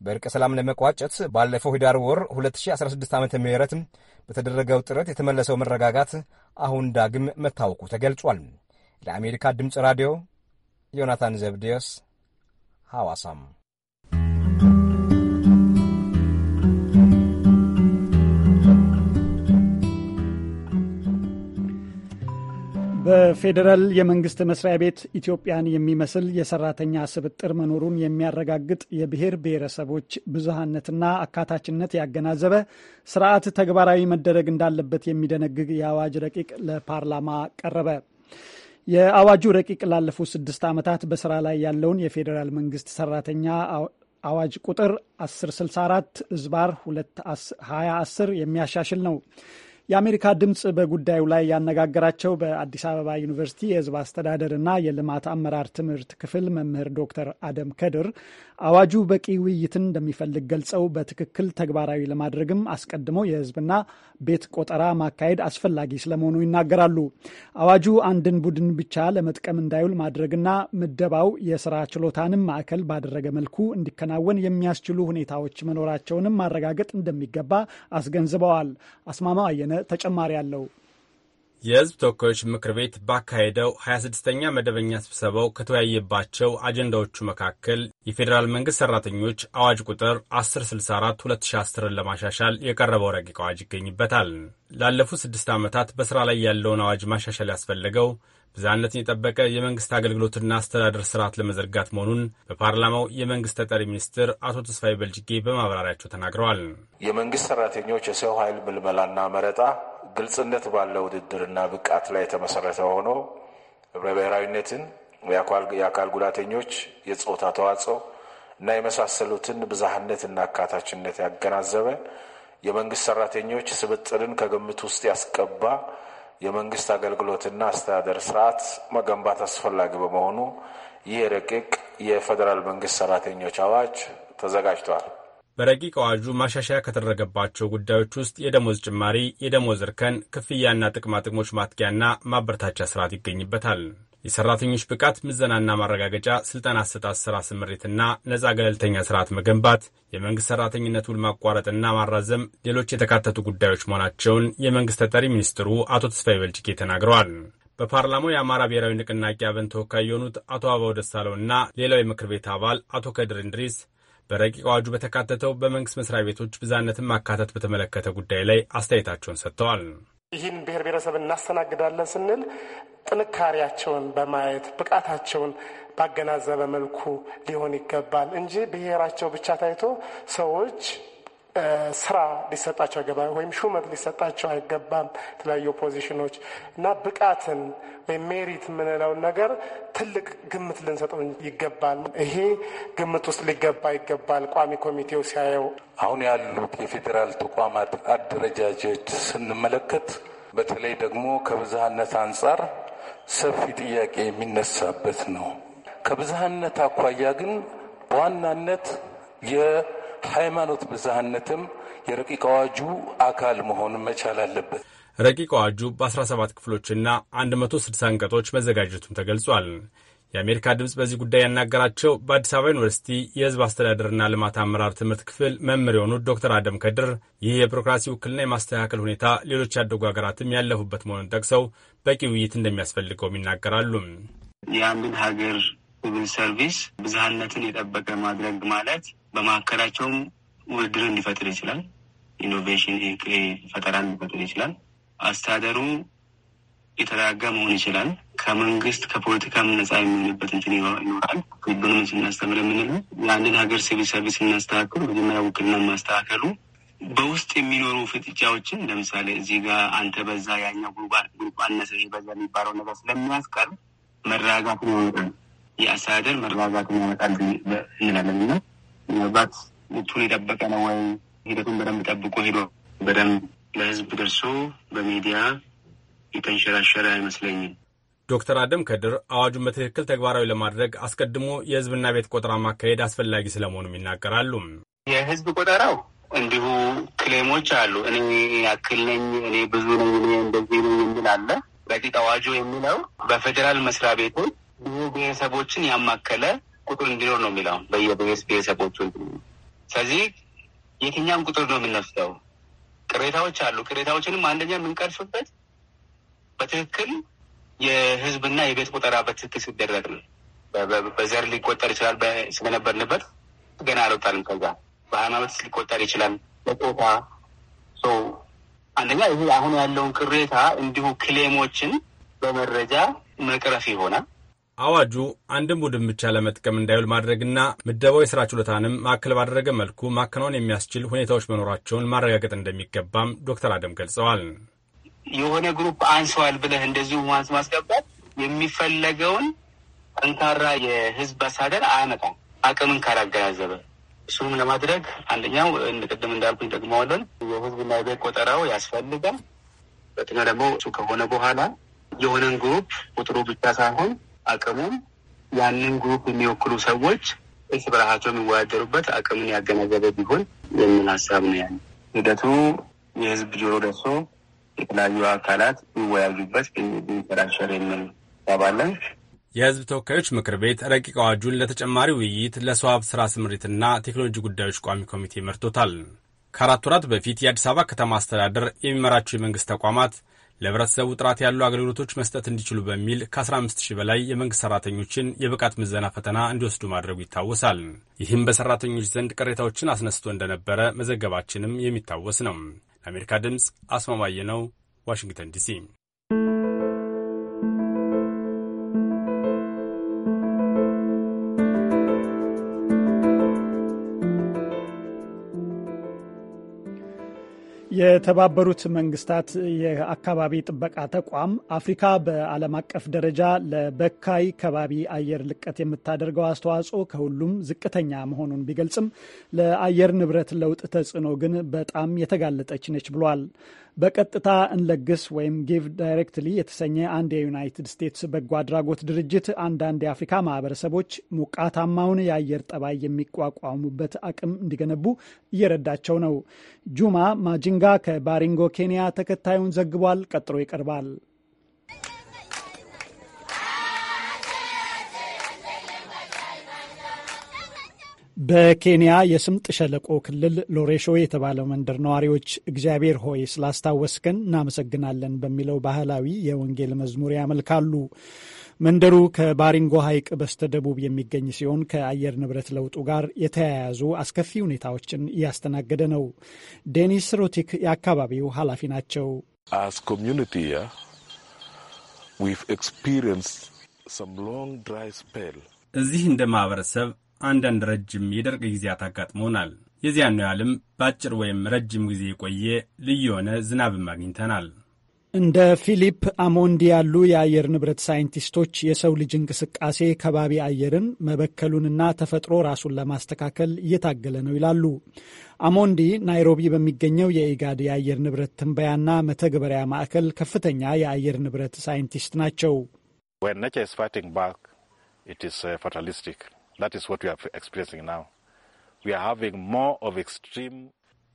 በእርቀ ሰላም ለመቋጨት ባለፈው ህዳር ወር 2016 ዓ ም በተደረገው ጥረት የተመለሰው መረጋጋት አሁን ዳግም መታወቁ ተገልጿል። ለአሜሪካ ድምፅ ራዲዮ ዮናታን ዘብዴዎስ ሐዋሳም በፌዴራል የመንግስት መስሪያ ቤት ኢትዮጵያን የሚመስል የሰራተኛ ስብጥር መኖሩን የሚያረጋግጥ የብሔር ብሔረሰቦች ብዙሀነትና አካታችነት ያገናዘበ ስርዓት ተግባራዊ መደረግ እንዳለበት የሚደነግግ የአዋጅ ረቂቅ ለፓርላማ ቀረበ። የአዋጁ ረቂቅ ላለፉት ስድስት ዓመታት በስራ ላይ ያለውን የፌዴራል መንግስት ሰራተኛ አዋጅ ቁጥር 1064 ዝባር 2010 የሚያሻሽል ነው። የአሜሪካ ድምፅ በጉዳዩ ላይ ያነጋገራቸው በአዲስ አበባ ዩኒቨርሲቲ የሕዝብ አስተዳደርና የልማት አመራር ትምህርት ክፍል መምህር ዶክተር አደም ከድር አዋጁ በቂ ውይይትን እንደሚፈልግ ገልጸው በትክክል ተግባራዊ ለማድረግም አስቀድሞ የሕዝብና ቤት ቆጠራ ማካሄድ አስፈላጊ ስለመሆኑ ይናገራሉ። አዋጁ አንድን ቡድን ብቻ ለመጥቀም እንዳይውል ማድረግና ምደባው የስራ ችሎታንም ማዕከል ባደረገ መልኩ እንዲከናወን የሚያስችሉ ሁኔታዎች መኖራቸውንም ማረጋገጥ እንደሚገባ አስገንዝበዋል። አስማማው አየነ ተጨማሪ አለው። የህዝብ ተወካዮች ምክር ቤት ባካሄደው 26ኛ መደበኛ ስብሰባው ከተወያየባቸው አጀንዳዎቹ መካከል የፌዴራል መንግሥት ሠራተኞች አዋጅ ቁጥር 1064 2010ን ለማሻሻል የቀረበው ረቂቅ አዋጅ ይገኝበታል። ላለፉት ስድስት ዓመታት በሥራ ላይ ያለውን አዋጅ ማሻሻል ያስፈለገው ብዝሃነትን የጠበቀ የመንግስት አገልግሎትና አስተዳደር ስርዓት ለመዘርጋት መሆኑን በፓርላማው የመንግስት ተጠሪ ሚኒስትር አቶ ተስፋዬ በልጅጌ በማብራሪያቸው ተናግረዋል። የመንግስት ሰራተኞች የሰው ኃይል ምልመላና መረጣ ግልጽነት ባለው ውድድርና ብቃት ላይ የተመሰረተ ሆኖ ህብረ ብሔራዊነትን፣ የአካል ጉዳተኞች፣ የጾታ ተዋጽኦ እና የመሳሰሉትን ብዝሃነትና አካታችነት ያገናዘበ የመንግስት ሰራተኞች ስብጥርን ከግምት ውስጥ ያስገባ የመንግስት አገልግሎትና አስተዳደር ስርዓት መገንባት አስፈላጊ በመሆኑ ይህ ረቂቅ የፌዴራል መንግስት ሰራተኞች አዋጅ ተዘጋጅቷል። በረቂቅ አዋጁ ማሻሻያ ከተደረገባቸው ጉዳዮች ውስጥ የደሞዝ ጭማሪ፣ የደሞዝ እርከን፣ ክፍያና ጥቅማጥቅሞች ማትጊያና ማበረታቻ ስርዓት ይገኝበታል። የሰራተኞች ብቃት ምዘናና ማረጋገጫ፣ ስልጠና አሰጣጥ፣ ስራ ስምሪትና ነጻ ገለልተኛ ስርዓት መገንባት፣ የመንግስት ሰራተኝነት ውል ማቋረጥና ማራዘም ሌሎች የተካተቱ ጉዳዮች መሆናቸውን የመንግስት ተጠሪ ሚኒስትሩ አቶ ተስፋዬ በልጅጌ ተናግረዋል። በፓርላማው የአማራ ብሔራዊ ንቅናቄ አብን ተወካይ የሆኑት አቶ አበባው ደሳለውና ሌላው የምክር ቤት አባል አቶ ከድር እንድሪስ በረቂቅ አዋጁ በተካተተው በመንግስት መስሪያ ቤቶች ብዛነትን ማካተት በተመለከተ ጉዳይ ላይ አስተያየታቸውን ሰጥተዋል። ይህን ብሔር ብሔረሰብ እናስተናግዳለን ስንል ጥንካሬያቸውን በማየት ብቃታቸውን ባገናዘበ መልኩ ሊሆን ይገባል እንጂ ብሔራቸው ብቻ ታይቶ ሰዎች ስራ ሊሰጣቸው አይገባም፣ ወይም ሹመት ሊሰጣቸው አይገባም። የተለያዩ ፖዚሽኖች እና ብቃትን ወይም ሜሪት የምንለውን ነገር ትልቅ ግምት ልንሰጠው ይገባል። ይሄ ግምት ውስጥ ሊገባ ይገባል፣ ቋሚ ኮሚቴው ሲያየው። አሁን ያሉት የፌዴራል ተቋማት አደረጃጀት ስንመለከት በተለይ ደግሞ ከብዝሃነት አንጻር ሰፊ ጥያቄ የሚነሳበት ነው። ከብዝሃነት አኳያ ግን በዋናነት ሃይማኖት ብዝሃነትም የረቂቅ አዋጁ አካል መሆን መቻል አለበት። ረቂቅ አዋጁ በ17 ክፍሎችና 160 አንቀጾች መዘጋጀቱም ተገልጿል። የአሜሪካ ድምፅ በዚህ ጉዳይ ያናገራቸው በአዲስ አበባ ዩኒቨርሲቲ የሕዝብ አስተዳደርና ልማት አመራር ትምህርት ክፍል መምህር የሆኑት ዶክተር አደም ከድር ይህ የቢሮክራሲ ውክልና የማስተካከል ሁኔታ ሌሎች ያደጉ ሀገራትም ያለፉበት መሆኑን ጠቅሰው በቂ ውይይት እንደሚያስፈልገውም ይናገራሉ። የአንድን ሀገር ሲቪል ሰርቪስ ብዝሃነትን የጠበቀ ማድረግ ማለት በመካከላቸውም ውድድር እንዲፈጥር ይችላል። ኢኖቬሽን ፈጠራ እንዲፈጥር ይችላል። አስተዳደሩ የተረጋጋ መሆን ይችላል። ከመንግስት ከፖለቲካ ነጻ የሚሆንበት እንትን ይኖራል። ህጉንም ስናስተምር የምንለ የአንድን ሀገር ሲቪል ሰርቪስ ስናስተካክሉ መጀመሪያ ውክልና ማስተካከሉ በውስጥ የሚኖሩ ፍጥጫዎችን ለምሳሌ እዚህ ጋር አንተ በዛ ያኛው ጉሩፕ በዛ የሚባለው ነገር ስለሚያስቀር መረጋጋትን ያመጣል። የአስተዳደር መረጋጋትን ያመጣል እንላለን እና ምናልባት ምቱን የጠበቀ ነው ወይ ሂደቱን በደንብ ጠብቆ ሄዶ በደንብ ለህዝብ ደርሶ በሚዲያ የተንሸራሸረ አይመስለኝም። ዶክተር አደም ከድር አዋጁን በትክክል ተግባራዊ ለማድረግ አስቀድሞ የህዝብና ቤት ቆጠራ ማካሄድ አስፈላጊ ስለመሆኑም ይናገራሉ። የህዝብ ቆጠራው እንዲሁ ክሌሞች አሉ። እኔ ያክል ነኝ፣ እኔ ብዙ ነኝ፣ እኔ እንደዚህ ነኝ የሚል አለ። በቂጥ አዋጁ የሚለው በፌዴራል መስሪያ ቤቶች ብሔር ብሔረሰቦችን ያማከለ ቁጥር እንዲኖር ነው የሚለው በየብሄር ስለዚህ የትኛውን ቁጥር ነው የምንወስደው? ቅሬታዎች አሉ። ቅሬታዎችንም አንደኛ የምንቀርፍበት በትክክል የህዝብና የቤት ቁጠራ በትክክል ሲደረግ ነው። በዘር ሊቆጠር ይችላል። ስለነበርንበት ገና አልወጣንም። ከዛ በሃይማኖት ሊቆጠር ይችላል። በጾታ አንደኛ ይሄ አሁን ያለውን ቅሬታ እንዲሁ ክሌሞችን በመረጃ መቅረፍ ይሆናል። አዋጁ አንድን ቡድን ብቻ ለመጥቀም እንዳይውል ማድረግና ምደባው የስራ ችሎታንም ማዕከል ባደረገ መልኩ ማከናወን የሚያስችል ሁኔታዎች መኖራቸውን ማረጋገጥ እንደሚገባም ዶክተር አደም ገልጸዋል። የሆነ ግሩፕ አንሰዋል ብለህ እንደዚሁ ማንስ ማስገባት የሚፈለገውን ጠንካራ የህዝብ አስተዳደር አያመጣም፣ አቅምን ካላገናዘበ። እሱም ለማድረግ አንደኛው ቅድም እንዳልኩኝ ደግመዋለን፣ የህዝብና የቤት ቆጠራው ያስፈልጋል። ሁለተኛ ደግሞ እሱ ከሆነ በኋላ የሆነን ግሩፕ ቁጥሩ ብቻ ሳይሆን አቅሙም ያንን ግሩፕ የሚወክሉ ሰዎች እርስ በራሳቸው የሚወዳደሩበት አቅምን ያገናዘበ ቢሆን የሚል ሀሳብ ነው ያለ። ሂደቱ የህዝብ ጆሮ ደርሶ የተለያዩ አካላት ይወያዩበት ሚንሸራሸር የሚል ባለን የህዝብ ተወካዮች ምክር ቤት ረቂቅ አዋጁን ለተጨማሪ ውይይት ለሰዋብ ስራ ስምሪትና ቴክኖሎጂ ጉዳዮች ቋሚ ኮሚቴ መርቶታል። ከአራት ወራት በፊት የአዲስ አበባ ከተማ አስተዳደር የሚመራቸው የመንግስት ተቋማት ለህብረተሰቡ ጥራት ያሉ አገልግሎቶች መስጠት እንዲችሉ በሚል ከ15 ሺህ በላይ የመንግሥት ሠራተኞችን የብቃት ምዘና ፈተና እንዲወስዱ ማድረጉ ይታወሳል። ይህም በሠራተኞች ዘንድ ቅሬታዎችን አስነስቶ እንደነበረ መዘገባችንም የሚታወስ ነው። ለአሜሪካ ድምፅ አስማማየ ነው፣ ዋሽንግተን ዲሲ። የተባበሩት መንግስታት የአካባቢ ጥበቃ ተቋም አፍሪካ በዓለም አቀፍ ደረጃ ለበካይ ከባቢ አየር ልቀት የምታደርገው አስተዋጽኦ ከሁሉም ዝቅተኛ መሆኑን ቢገልጽም ለአየር ንብረት ለውጥ ተጽዕኖ ግን በጣም የተጋለጠች ነች ብሏል። በቀጥታ እንለግስ ወይም ጊቭ ዳይሬክትሊ የተሰኘ አንድ የዩናይትድ ስቴትስ በጎ አድራጎት ድርጅት አንዳንድ የአፍሪካ ማህበረሰቦች ሞቃታማውን የአየር ጠባይ የሚቋቋሙበት አቅም እንዲገነቡ እየረዳቸው ነው። ጁማ ማጂንጋ ከባሪንጎ ኬንያ ተከታዩን ዘግቧል። ቀጥሮ ይቀርባል። በኬንያ የስምጥ ሸለቆ ክልል ሎሬሾ የተባለ መንደር ነዋሪዎች እግዚአብሔር ሆይ ስላስታወስከን እናመሰግናለን በሚለው ባህላዊ የወንጌል መዝሙር ያመልካሉ። መንደሩ ከባሪንጎ ሐይቅ በስተደቡብ የሚገኝ ሲሆን ከአየር ንብረት ለውጡ ጋር የተያያዙ አስከፊ ሁኔታዎችን እያስተናገደ ነው። ዴኒስ ሮቲክ የአካባቢው ኃላፊ ናቸው። እዚህ እንደ ማህበረሰብ አንዳንድ ረጅም የደርቅ ጊዜያት አጋጥሞናል። የዚያን ነው ያልም በአጭር ወይም ረጅም ጊዜ የቆየ ልዩ የሆነ ዝናብም አግኝተናል። እንደ ፊሊፕ አሞንዲ ያሉ የአየር ንብረት ሳይንቲስቶች የሰው ልጅ እንቅስቃሴ ከባቢ አየርን መበከሉንና ተፈጥሮ ራሱን ለማስተካከል እየታገለ ነው ይላሉ። አሞንዲ ናይሮቢ በሚገኘው የኢጋድ የአየር ንብረት ትንበያና መተግበሪያ ማዕከል ከፍተኛ የአየር ንብረት ሳይንቲስት ናቸው።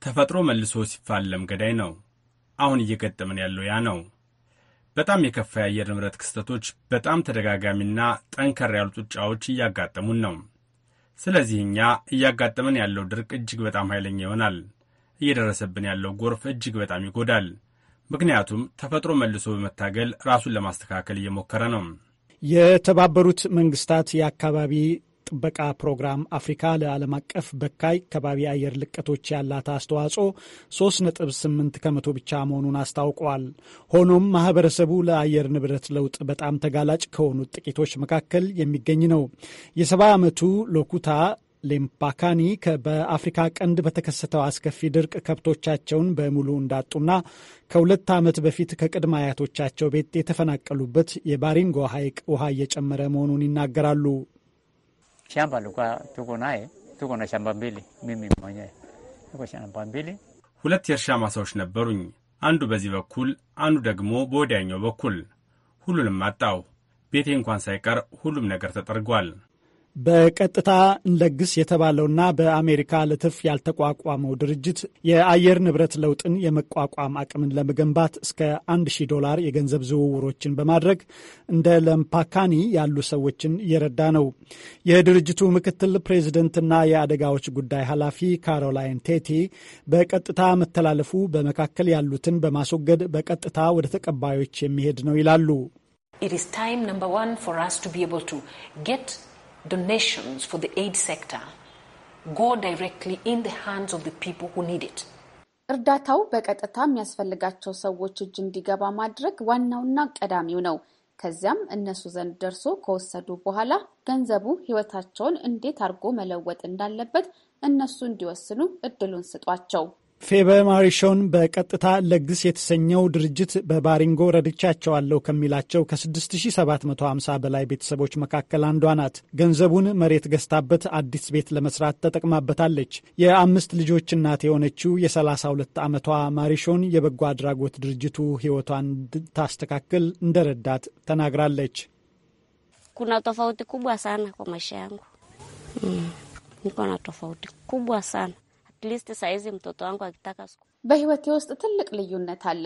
ተፈጥሮ መልሶ ሲፋለም ገዳይ ነው። አሁን እየገጠመን ያለው ያ ነው። በጣም የከፋ የአየር ንብረት ክስተቶች፣ በጣም ተደጋጋሚና ጠንከር ያሉ ጡጫዎች እያጋጠሙን ነው። ስለዚህ እኛ እያጋጠመን ያለው ድርቅ እጅግ በጣም ኃይለኛ ይሆናል። እየደረሰብን ያለው ጎርፍ እጅግ በጣም ይጎዳል። ምክንያቱም ተፈጥሮ መልሶ በመታገል ራሱን ለማስተካከል እየሞከረ ነው። የተባበሩት መንግስታት የአካባቢ ጥበቃ ፕሮግራም አፍሪካ ለዓለም አቀፍ በካይ ከባቢ አየር ልቀቶች ያላት አስተዋጽኦ 3.8 ከመቶ ብቻ መሆኑን አስታውቋል። ሆኖም ማህበረሰቡ ለአየር ንብረት ለውጥ በጣም ተጋላጭ ከሆኑት ጥቂቶች መካከል የሚገኝ ነው። የሰባ ዓመቱ ሎኩታ ሌምፓካኒ በአፍሪካ ቀንድ በተከሰተው አስከፊ ድርቅ ከብቶቻቸውን በሙሉ እንዳጡና ከሁለት ዓመት በፊት ከቅድመ አያቶቻቸው ቤት የተፈናቀሉበት የባሪንጎ ሐይቅ ውሃ እየጨመረ መሆኑን ይናገራሉ። shamba alikuwa tuko naye, tuko na shamba mbili, mimi mwenyewe tuko shamba mbili. ሁለት የእርሻ ማሳዎች ነበሩኝ፣ አንዱ በዚህ በኩል አንዱ ደግሞ በወዲያኛው በኩል። ሁሉንም አጣው። ቤቴ እንኳን ሳይቀር ሁሉም ነገር ተጠርጓል። በቀጥታ እንለግስ የተባለውና በአሜሪካ ልትፍ ያልተቋቋመው ድርጅት የአየር ንብረት ለውጥን የመቋቋም አቅምን ለመገንባት እስከ 1000 ዶላር የገንዘብ ዝውውሮችን በማድረግ እንደ ለምፓካኒ ያሉ ሰዎችን እየረዳ ነው። የድርጅቱ ምክትል ፕሬዚደንትና የአደጋዎች ጉዳይ ኃላፊ ካሮላይን ቴቲ በቀጥታ መተላለፉ በመካከል ያሉትን በማስወገድ በቀጥታ ወደ ተቀባዮች የሚሄድ ነው ይላሉ። donations for the aid sector go directly in the hands of the people who need it. እርዳታው በቀጥታ የሚያስፈልጋቸው ሰዎች እጅ እንዲገባ ማድረግ ዋናውና ቀዳሚው ነው። ከዚያም እነሱ ዘንድ ደርሶ ከወሰዱ በኋላ ገንዘቡ ሕይወታቸውን እንዴት አድርጎ መለወጥ እንዳለበት እነሱ እንዲወስኑ እድሉን ስጧቸው። ማሪሾን በቀጥታ ለግስ የተሰኘው ድርጅት በባሪንጎ ረድቻቸዋለሁ ከሚላቸው ከ6750 በላይ ቤተሰቦች መካከል አንዷ ናት። ገንዘቡን መሬት ገዝታበት አዲስ ቤት ለመስራት ተጠቅማበታለች። የአምስት ልጆች እናት የሆነችው የ32 ዓመቷ ማሪሾን የበጎ አድራጎት ድርጅቱ ሕይወቷን እንድታስተካክል እንደረዳት ተናግራለች። ኩና ቶፋውቲ ኩቧ ሳና ኮ ያንጉ ኒኮና ቶፋውቲ ኩቧ ሳና ሊስት ሳይዝ ምቶቶ አንኳ አግታካስኩ በህይወቴ ውስጥ ትልቅ ልዩነት አለ።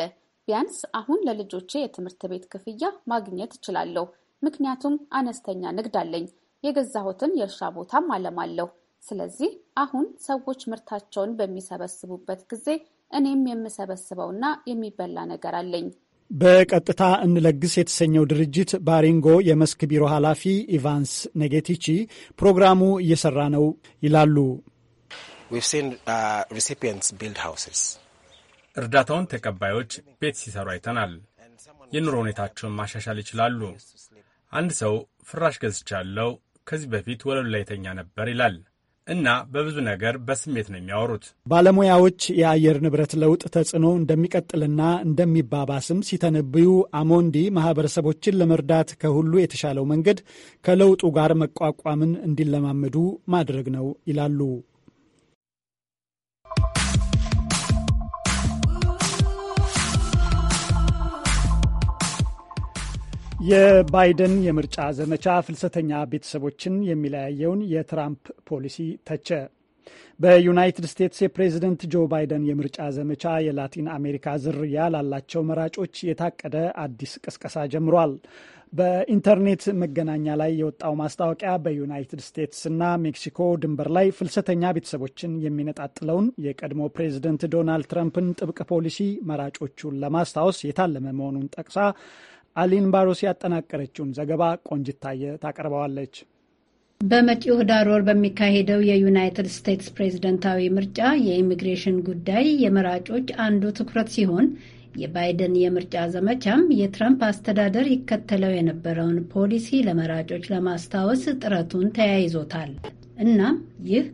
ቢያንስ አሁን ለልጆቼ የትምህርት ቤት ክፍያ ማግኘት እችላለሁ፣ ምክንያቱም አነስተኛ ንግድ አለኝ። የገዛሁትን የእርሻ ቦታም አለማለሁ። ስለዚህ አሁን ሰዎች ምርታቸውን በሚሰበስቡበት ጊዜ እኔም የምሰበስበውና የሚበላ ነገር አለኝ። በቀጥታ እንለግስ የተሰኘው ድርጅት ባሪንጎ የመስክ ቢሮ ኃላፊ ኢቫንስ ኔጌቲቺ ፕሮግራሙ እየሰራ ነው ይላሉ። Uh, እርዳታውን ተቀባዮች ቤት ሲሰሩ አይተናል። የኑሮ ሁኔታቸውን ማሻሻል ይችላሉ። አንድ ሰው ፍራሽ ገዝቻለሁ፣ ከዚህ በፊት ወለሉ ላይ ተኛ ነበር ይላል እና በብዙ ነገር በስሜት ነው የሚያወሩት። ባለሙያዎች የአየር ንብረት ለውጥ ተጽዕኖ እንደሚቀጥልና እንደሚባባስም ሲተነብዩ፣ አሞንዲ ማህበረሰቦችን ለመርዳት ከሁሉ የተሻለው መንገድ ከለውጡ ጋር መቋቋምን እንዲለማመዱ ማድረግ ነው ይላሉ። የባይደን የምርጫ ዘመቻ ፍልሰተኛ ቤተሰቦችን የሚለያየውን የትራምፕ ፖሊሲ ተቸ። በዩናይትድ ስቴትስ የፕሬዝደንት ጆ ባይደን የምርጫ ዘመቻ የላቲን አሜሪካ ዝርያ ላላቸው መራጮች የታቀደ አዲስ ቅስቀሳ ጀምሯል። በኢንተርኔት መገናኛ ላይ የወጣው ማስታወቂያ በዩናይትድ ስቴትስ እና ሜክሲኮ ድንበር ላይ ፍልሰተኛ ቤተሰቦችን የሚነጣጥለውን የቀድሞ ፕሬዝደንት ዶናልድ ትራምፕን ጥብቅ ፖሊሲ መራጮቹን ለማስታወስ የታለመ መሆኑን ጠቅሳ አሊን ባሮስ ያጠናቀረችውን ዘገባ ቆንጅታየ ታቀርበዋለች። በመጪው ህዳር ወር በሚካሄደው የዩናይትድ ስቴትስ ፕሬዝደንታዊ ምርጫ የኢሚግሬሽን ጉዳይ የመራጮች አንዱ ትኩረት ሲሆን የባይደን የምርጫ ዘመቻም የትራምፕ አስተዳደር ይከተለው የነበረውን ፖሊሲ ለመራጮች ለማስታወስ ጥረቱን ተያይዞታል። እናም ይህ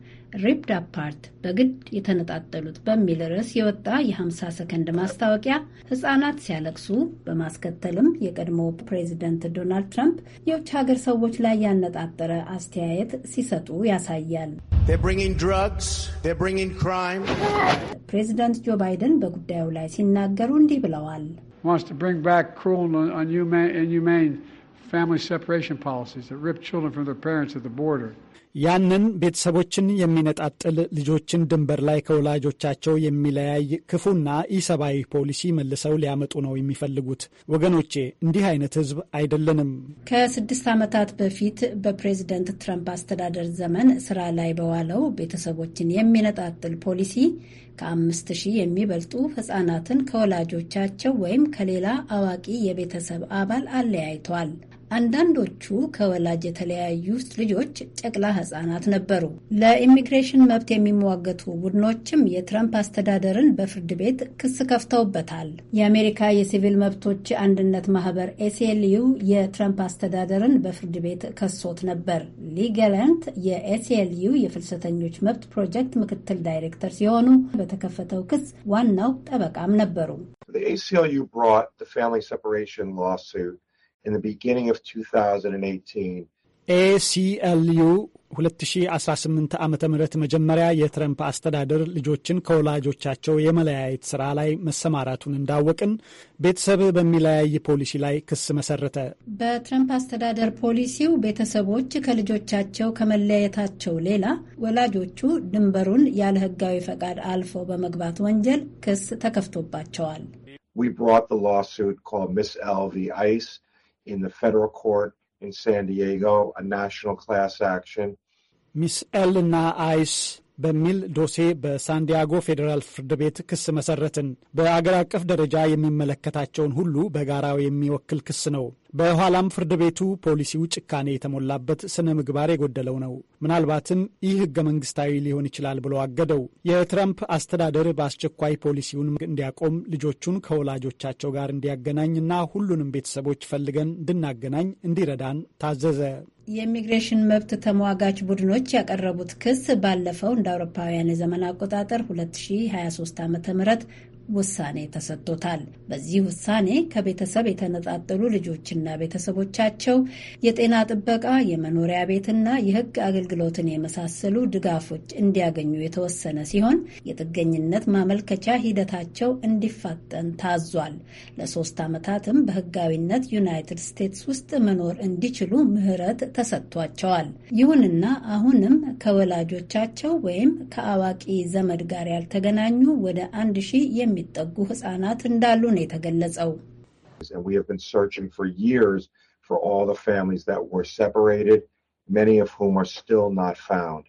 ሪፕድ አፓርት በግድ የተነጣጠሉት በሚል ርዕስ የወጣ የ50 ሰከንድ ማስታወቂያ ህጻናት ሲያለቅሱ፣ በማስከተልም የቀድሞ ፕሬዚደንት ዶናልድ ትራምፕ የውጭ ሀገር ሰዎች ላይ ያነጣጠረ አስተያየት ሲሰጡ ያሳያል። ፕሬዚደንት ጆ ባይደን በጉዳዩ ላይ ሲናገሩ እንዲህ ብለዋል። ፋሚሊ ሴፐሬሽን ፖሊሲስ ሪፕ ችልድረን ፍሮም ዜር ፓረንትስ አት ዘ ቦርደር ያንን ቤተሰቦችን የሚነጣጥል ልጆችን ድንበር ላይ ከወላጆቻቸው የሚለያይ ክፉና ኢሰብአዊ ፖሊሲ መልሰው ሊያመጡ ነው የሚፈልጉት። ወገኖቼ እንዲህ አይነት ህዝብ አይደለንም። ከስድስት ዓመታት በፊት በፕሬዝደንት ትረምፕ አስተዳደር ዘመን ስራ ላይ በዋለው ቤተሰቦችን የሚነጣጥል ፖሊሲ ከአምስት ሺህ የሚበልጡ ህጻናትን ከወላጆቻቸው ወይም ከሌላ አዋቂ የቤተሰብ አባል አለያይቷል። አንዳንዶቹ ከወላጅ የተለያዩት ልጆች ጨቅላ ህጻናት ነበሩ። ለኢሚግሬሽን መብት የሚሟገቱ ቡድኖችም የትረምፕ አስተዳደርን በፍርድ ቤት ክስ ከፍተውበታል። የአሜሪካ የሲቪል መብቶች አንድነት ማህበር ኤስኤልዩ የትረምፕ አስተዳደርን በፍርድ ቤት ከሶት ነበር። ሊገለንት የኤስኤልዩ የፍልሰተኞች መብት ፕሮጀክት ምክትል ዳይሬክተር ሲሆኑ በተከፈተው ክስ ዋናው ጠበቃም ነበሩ። The ACLU brought the family separation lawsuit in the beginning of 2018. ኤሲኤልዩ 2018 ዓ ም መጀመሪያ የትረምፕ አስተዳደር ልጆችን ከወላጆቻቸው የመለያየት ስራ ላይ መሰማራቱን እንዳወቅን ቤተሰብ በሚለያይ ፖሊሲ ላይ ክስ መሰረተ። በትረምፕ አስተዳደር ፖሊሲው ቤተሰቦች ከልጆቻቸው ከመለያየታቸው ሌላ ወላጆቹ ድንበሩን ያለ ሕጋዊ ፈቃድ አልፈው በመግባት ወንጀል ክስ ተከፍቶባቸዋል። We brought the lawsuit called Miss L Ice. in the federal court in San Diego, a national class action. ሚስ ኤል እና አይስ በሚል ዶሴ በሳንዲያጎ ፌዴራል ፍርድ ቤት ክስ መሰረትን። በአገር አቀፍ ደረጃ የሚመለከታቸውን ሁሉ በጋራ የሚወክል ክስ ነው። በኋላም ፍርድ ቤቱ ፖሊሲው ጭካኔ የተሞላበት ስነ ምግባር የጎደለው ነው፣ ምናልባትም ይህ ህገ መንግስታዊ ሊሆን ይችላል ብሎ አገደው። የትረምፕ አስተዳደር በአስቸኳይ ፖሊሲውን እንዲያቆም ልጆቹን ከወላጆቻቸው ጋር እንዲያገናኝ እና ሁሉንም ቤተሰቦች ፈልገን እንድናገናኝ እንዲረዳን ታዘዘ። የኢሚግሬሽን መብት ተሟጋች ቡድኖች ያቀረቡት ክስ ባለፈው እንደ አውሮፓውያን የዘመን አቆጣጠር 2023 ም ውሳኔ ተሰጥቶታል። በዚህ ውሳኔ ከቤተሰብ የተነጣጠሉ ልጆችና ቤተሰቦቻቸው የጤና ጥበቃ፣ የመኖሪያ ቤትና የሕግ አገልግሎትን የመሳሰሉ ድጋፎች እንዲያገኙ የተወሰነ ሲሆን የጥገኝነት ማመልከቻ ሂደታቸው እንዲፋጠን ታዟል። ለሶስት ዓመታትም በሕጋዊነት ዩናይትድ ስቴትስ ውስጥ መኖር እንዲችሉ ምህረት ተሰጥቷቸዋል። ይሁንና አሁንም ከወላጆቻቸው ወይም ከአዋቂ ዘመድ ጋር ያልተገናኙ ወደ አንድ ሺህ የሚ የሚጠጉ ህጻናት እንዳሉ ነው የተገለጸው። for all the families that were separated, many of whom are still not found.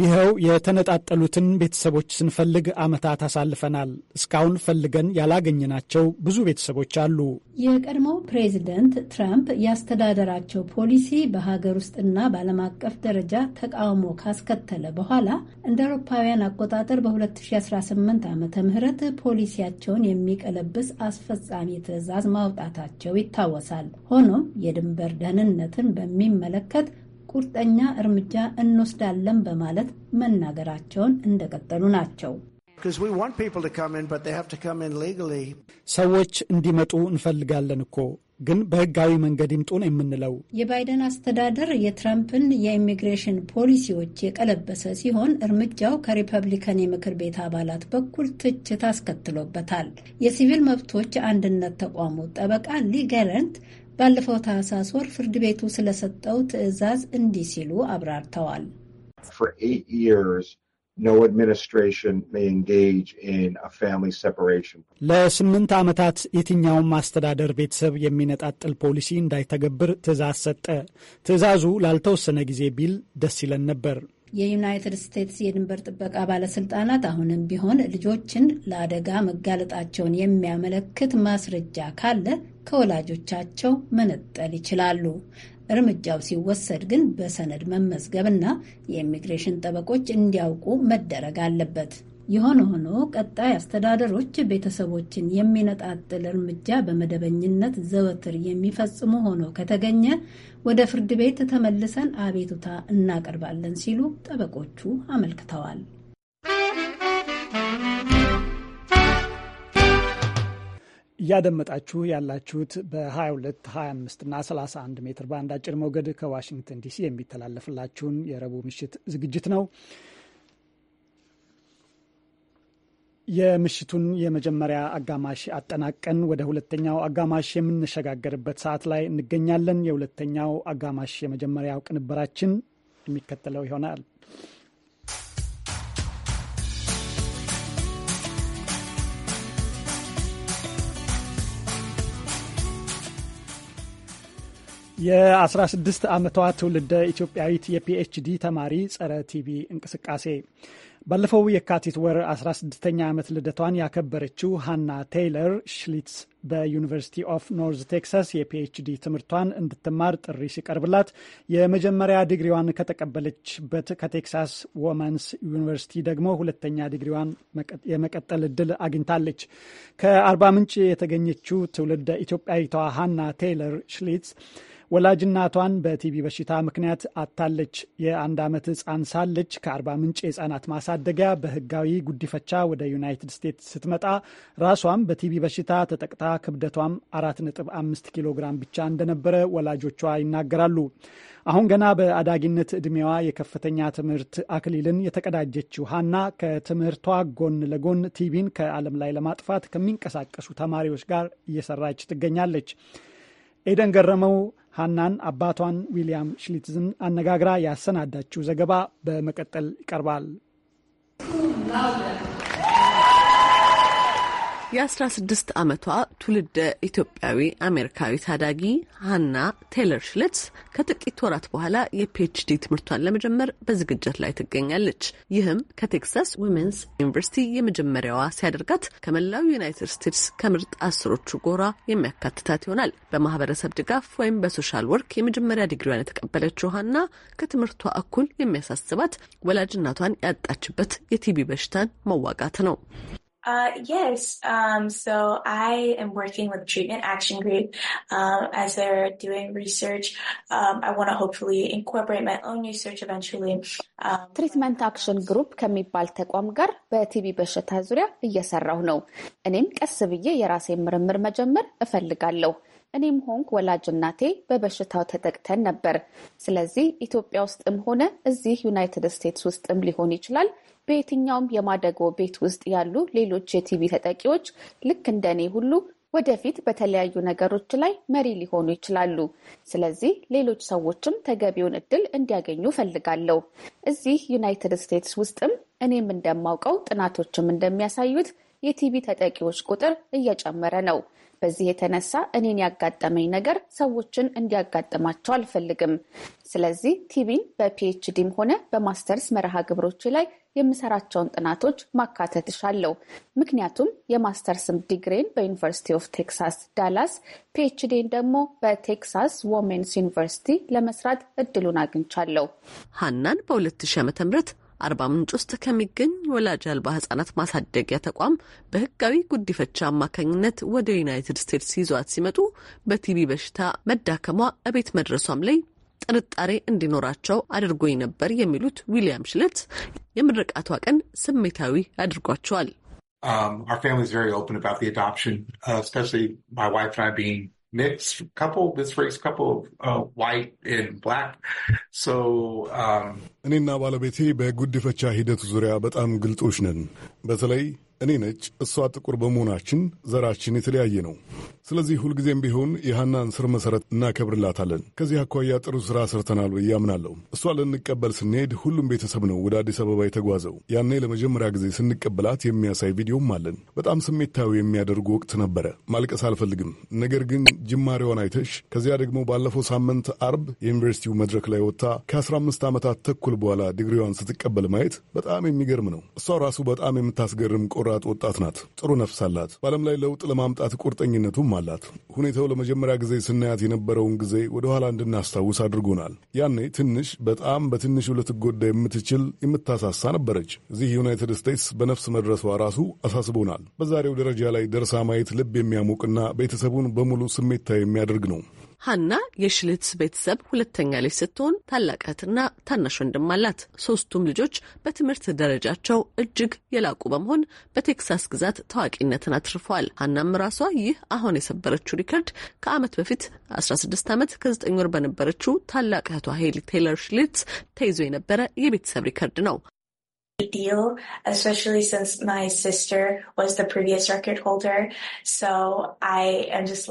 ይኸው የተነጣጠሉትን ቤተሰቦች ስንፈልግ ዓመታት አሳልፈናል። እስካሁን ፈልገን ያላገኘናቸው ብዙ ቤተሰቦች አሉ። የቀድሞው ፕሬዚደንት ትራምፕ ያስተዳደራቸው ፖሊሲ በሀገር ውስጥና በዓለም አቀፍ ደረጃ ተቃውሞ ካስከተለ በኋላ እንደ አውሮፓውያን አቆጣጠር በ2018 ዓመተ ምህረት ፖሊሲያቸውን የሚቀለብስ አስፈጻሚ ትዕዛዝ ማውጣታቸው ይታወሳል። ሆኖም የድንበር ደህንነትን በሚመለከት ቁርጠኛ እርምጃ እንወስዳለን በማለት መናገራቸውን እንደቀጠሉ ናቸው። ሰዎች እንዲመጡ እንፈልጋለን እኮ ግን በህጋዊ መንገድ ይምጡ ነው የምንለው። የባይደን አስተዳደር የትራምፕን የኢሚግሬሽን ፖሊሲዎች የቀለበሰ ሲሆን እርምጃው ከሪፐብሊከን የምክር ቤት አባላት በኩል ትችት አስከትሎበታል። የሲቪል መብቶች አንድነት ተቋሙ ጠበቃ ሊገረንት ባለፈው ታህሳስ ወር ፍርድ ቤቱ ስለሰጠው ትዕዛዝ እንዲህ ሲሉ አብራርተዋል። ለስምንት ዓመታት የትኛውም አስተዳደር ቤተሰብ የሚነጣጥል ፖሊሲ እንዳይተገብር ትዕዛዝ ሰጠ። ትዕዛዙ ላልተወሰነ ጊዜ ቢል ደስ ይለን ነበር። የዩናይትድ ስቴትስ የድንበር ጥበቃ ባለስልጣናት አሁንም ቢሆን ልጆችን ለአደጋ መጋለጣቸውን የሚያመለክት ማስረጃ ካለ ከወላጆቻቸው መነጠል ይችላሉ። እርምጃው ሲወሰድ ግን በሰነድ መመዝገብና የኢሚግሬሽን ጠበቆች እንዲያውቁ መደረግ አለበት። የሆነ ሆኖ ቀጣይ አስተዳደሮች ቤተሰቦችን የሚነጣጥል እርምጃ በመደበኝነት ዘወትር የሚፈጽሙ ሆኖ ከተገኘ ወደ ፍርድ ቤት ተመልሰን አቤቱታ እናቀርባለን ሲሉ ጠበቆቹ አመልክተዋል። እያደመጣችሁ ያላችሁት በ22፣ 25 እና 31 ሜትር ባንድ አጭር ሞገድ ከዋሽንግተን ዲሲ የሚተላለፍላችሁን የረቡዕ ምሽት ዝግጅት ነው። የምሽቱን የመጀመሪያ አጋማሽ አጠናቀን ወደ ሁለተኛው አጋማሽ የምንሸጋገርበት ሰዓት ላይ እንገኛለን። የሁለተኛው አጋማሽ የመጀመሪያው ቅንብራችን የሚከተለው ይሆናል። የ16 ዓመቷ ትውልደ ኢትዮጵያዊት የፒኤችዲ ተማሪ ጸረ ቲቪ እንቅስቃሴ ባለፈው የካቲት ወር 16ኛ ዓመት ልደቷን ያከበረችው ሃና ቴይለር ሽሊትስ በዩኒቨርሲቲ ኦፍ ኖርዝ ቴክሳስ የፒኤችዲ ትምህርቷን እንድትማር ጥሪ ሲቀርብላት የመጀመሪያ ዲግሪዋን ከተቀበለችበት ከቴክሳስ ወመንስ ዩኒቨርሲቲ ደግሞ ሁለተኛ ዲግሪዋን የመቀጠል እድል አግኝታለች። ከአርባ ምንጭ የተገኘችው ትውልድ ኢትዮጵያዊቷ ሃና ቴይለር ሽሊትስ ወላጅ እናቷን በቲቪ በሽታ ምክንያት አታለች። የአንድ ዓመት ህፃን ሳለች ከአርባ ምንጭ የህፃናት ማሳደጊያ በህጋዊ ጉዲፈቻ ወደ ዩናይትድ ስቴትስ ስትመጣ ራሷም በቲቪ በሽታ ተጠቅታ ክብደቷም አራት ነጥብ አምስት ኪሎ ግራም ብቻ እንደነበረ ወላጆቿ ይናገራሉ። አሁን ገና በአዳጊነት ዕድሜዋ የከፍተኛ ትምህርት አክሊልን የተቀዳጀችው ሀና ከትምህርቷ ጎን ለጎን ቲቪን ከዓለም ላይ ለማጥፋት ከሚንቀሳቀሱ ተማሪዎች ጋር እየሰራች ትገኛለች። ኤደን ገረመው ሃናን አባቷን ዊልያም ሽሊትዝን አነጋግራ ያሰናዳችው ዘገባ በመቀጠል ይቀርባል። የ16 ዓመቷ ትውልደ ኢትዮጵያዊ አሜሪካዊ ታዳጊ ሀና ቴይለር ሽለትስ ከጥቂት ወራት በኋላ የፒኤችዲ ትምህርቷን ለመጀመር በዝግጅት ላይ ትገኛለች። ይህም ከቴክሳስ ዊሜንስ ዩኒቨርሲቲ የመጀመሪያዋ ሲያደርጋት ከመላው ዩናይትድ ስቴትስ ከምርጥ አስሮቹ ጎራ የሚያካትታት ይሆናል። በማህበረሰብ ድጋፍ ወይም በሶሻል ወርክ የመጀመሪያ ዲግሪዋን የተቀበለችው ሀና ከትምህርቷ እኩል የሚያሳስባት ወላጅናቷን ያጣችበት የቲቢ በሽታን መዋጋት ነው። Uh, yes. Um, so I am working with Treatment Action Group. Um, as they're doing research, um, I want to hopefully incorporate my own research eventually. ትሪትመንት አክሽን ግሩፕ ከሚባል ተቋም ጋር በቲቢ በሽታ ዙሪያ እየሰራሁ ነው። እኔም ቀስ ብዬ የራሴ ምርምር መጀመር እፈልጋለሁ። እኔም ሆንክ ወላጅ እናቴ በበሽታው ተጠቅተን ነበር። ስለዚህ ኢትዮጵያ ውስጥም ሆነ እዚህ ዩናይትድ ስቴትስ ውስጥም ሊሆን ይችላል በየትኛውም የማደጎ ቤት ውስጥ ያሉ ሌሎች የቲቪ ተጠቂዎች ልክ እንደኔ ሁሉ ወደፊት በተለያዩ ነገሮች ላይ መሪ ሊሆኑ ይችላሉ። ስለዚህ ሌሎች ሰዎችም ተገቢውን እድል እንዲያገኙ ፈልጋለሁ። እዚህ ዩናይትድ ስቴትስ ውስጥም እኔም እንደማውቀው ጥናቶችም እንደሚያሳዩት የቲቪ ተጠቂዎች ቁጥር እየጨመረ ነው። በዚህ የተነሳ እኔን ያጋጠመኝ ነገር ሰዎችን እንዲያጋጥማቸው አልፈልግም። ስለዚህ ቲቢን በፒኤችዲም ሆነ በማስተርስ መርሃ ግብሮች ላይ የምሰራቸውን ጥናቶች ማካተት እሻለሁ። ምክንያቱም የማስተርስም ዲግሬን በዩኒቨርሲቲ ኦፍ ቴክሳስ ዳላስ፣ ፒኤችዲን ደግሞ በቴክሳስ ወሜንስ ዩኒቨርሲቲ ለመስራት እድሉን አግኝቻለሁ። ሀናን በ2000 ዓ.ም አርባ ምንጭ ውስጥ ከሚገኝ ወላጅ አልባ ህጻናት ማሳደጊያ ተቋም በህጋዊ ጉዲፈቻ አማካኝነት ወደ ዩናይትድ ስቴትስ ይዟት ሲመጡ በቲቢ በሽታ መዳከሟ እቤት መድረሷም ላይ ጥርጣሬ እንዲኖራቸው አድርጎኝ ነበር የሚሉት ዊሊያም ሽለት የምርቃቷ ቀን ስሜታዊ አድርጓቸዋል። Um, our family is very open about the adoption, uh, especially my wife and I being mixed couple, this race couple of uh, white and black. So um እኔና ባለቤቴ በጉድፈቻ ሂደት ዙሪያ በጣም ግልጦች ነን። በተለይ እኔ ነጭ፣ እሷ ጥቁር በመሆናችን ዘራችን የተለያየ ነው። ስለዚህ ሁልጊዜም ቢሆን የሐናን ስር መሠረት እናከብርላታለን። ከዚህ አኳያ ጥሩ ሥራ ሰርተናል ብዬ አምናለሁ። እሷ ልንቀበል ስንሄድ ሁሉም ቤተሰብ ነው ወደ አዲስ አበባ የተጓዘው። ያኔ ለመጀመሪያ ጊዜ ስንቀበላት የሚያሳይ ቪዲዮም አለን። በጣም ስሜታዊ የሚያደርጉ ወቅት ነበረ። ማልቀስ አልፈልግም፣ ነገር ግን ጅማሬዋን አይተሽ ከዚያ ደግሞ ባለፈው ሳምንት አርብ የዩኒቨርሲቲው መድረክ ላይ ወጥታ ከ15 ዓመታት ተኩል በኋላ ዲግሪዋን ስትቀበል ማየት በጣም የሚገርም ነው። እሷ ራሱ በጣም የምታስገርም ቆራ ቆራጥ ወጣት ናት። ጥሩ ነፍስ አላት። በዓለም ላይ ለውጥ ለማምጣት ቁርጠኝነቱም አላት። ሁኔታው ለመጀመሪያ ጊዜ ስናያት የነበረውን ጊዜ ወደኋላ እንድናስታውስ አድርጎናል። ያኔ ትንሽ፣ በጣም በትንሹ ልትጎዳ የምትችል የምታሳሳ ነበረች። እዚህ ዩናይትድ ስቴትስ በነፍስ መድረሷ ራሱ አሳስቦናል። በዛሬው ደረጃ ላይ ደርሳ ማየት ልብ የሚያሞቅና ቤተሰቡን በሙሉ ስሜታ የሚያደርግ ነው። ሀና የሽልትስ ቤተሰብ ሁለተኛ ልጅ ስትሆን ታላቅ እህትና ታናሽ ወንድም አላት። ሶስቱም ልጆች በትምህርት ደረጃቸው እጅግ የላቁ በመሆን በቴክሳስ ግዛት ታዋቂነትን አትርፈዋል። ሀናም ራሷ ይህ አሁን የሰበረችው ሪከርድ ከዓመት በፊት 16 ዓመት ከ9 ወር በነበረችው ታላቅ እህቷ ሄሊ ቴይለር ሽልትስ ተይዞ የነበረ የቤተሰብ ሪከርድ ነው። ስ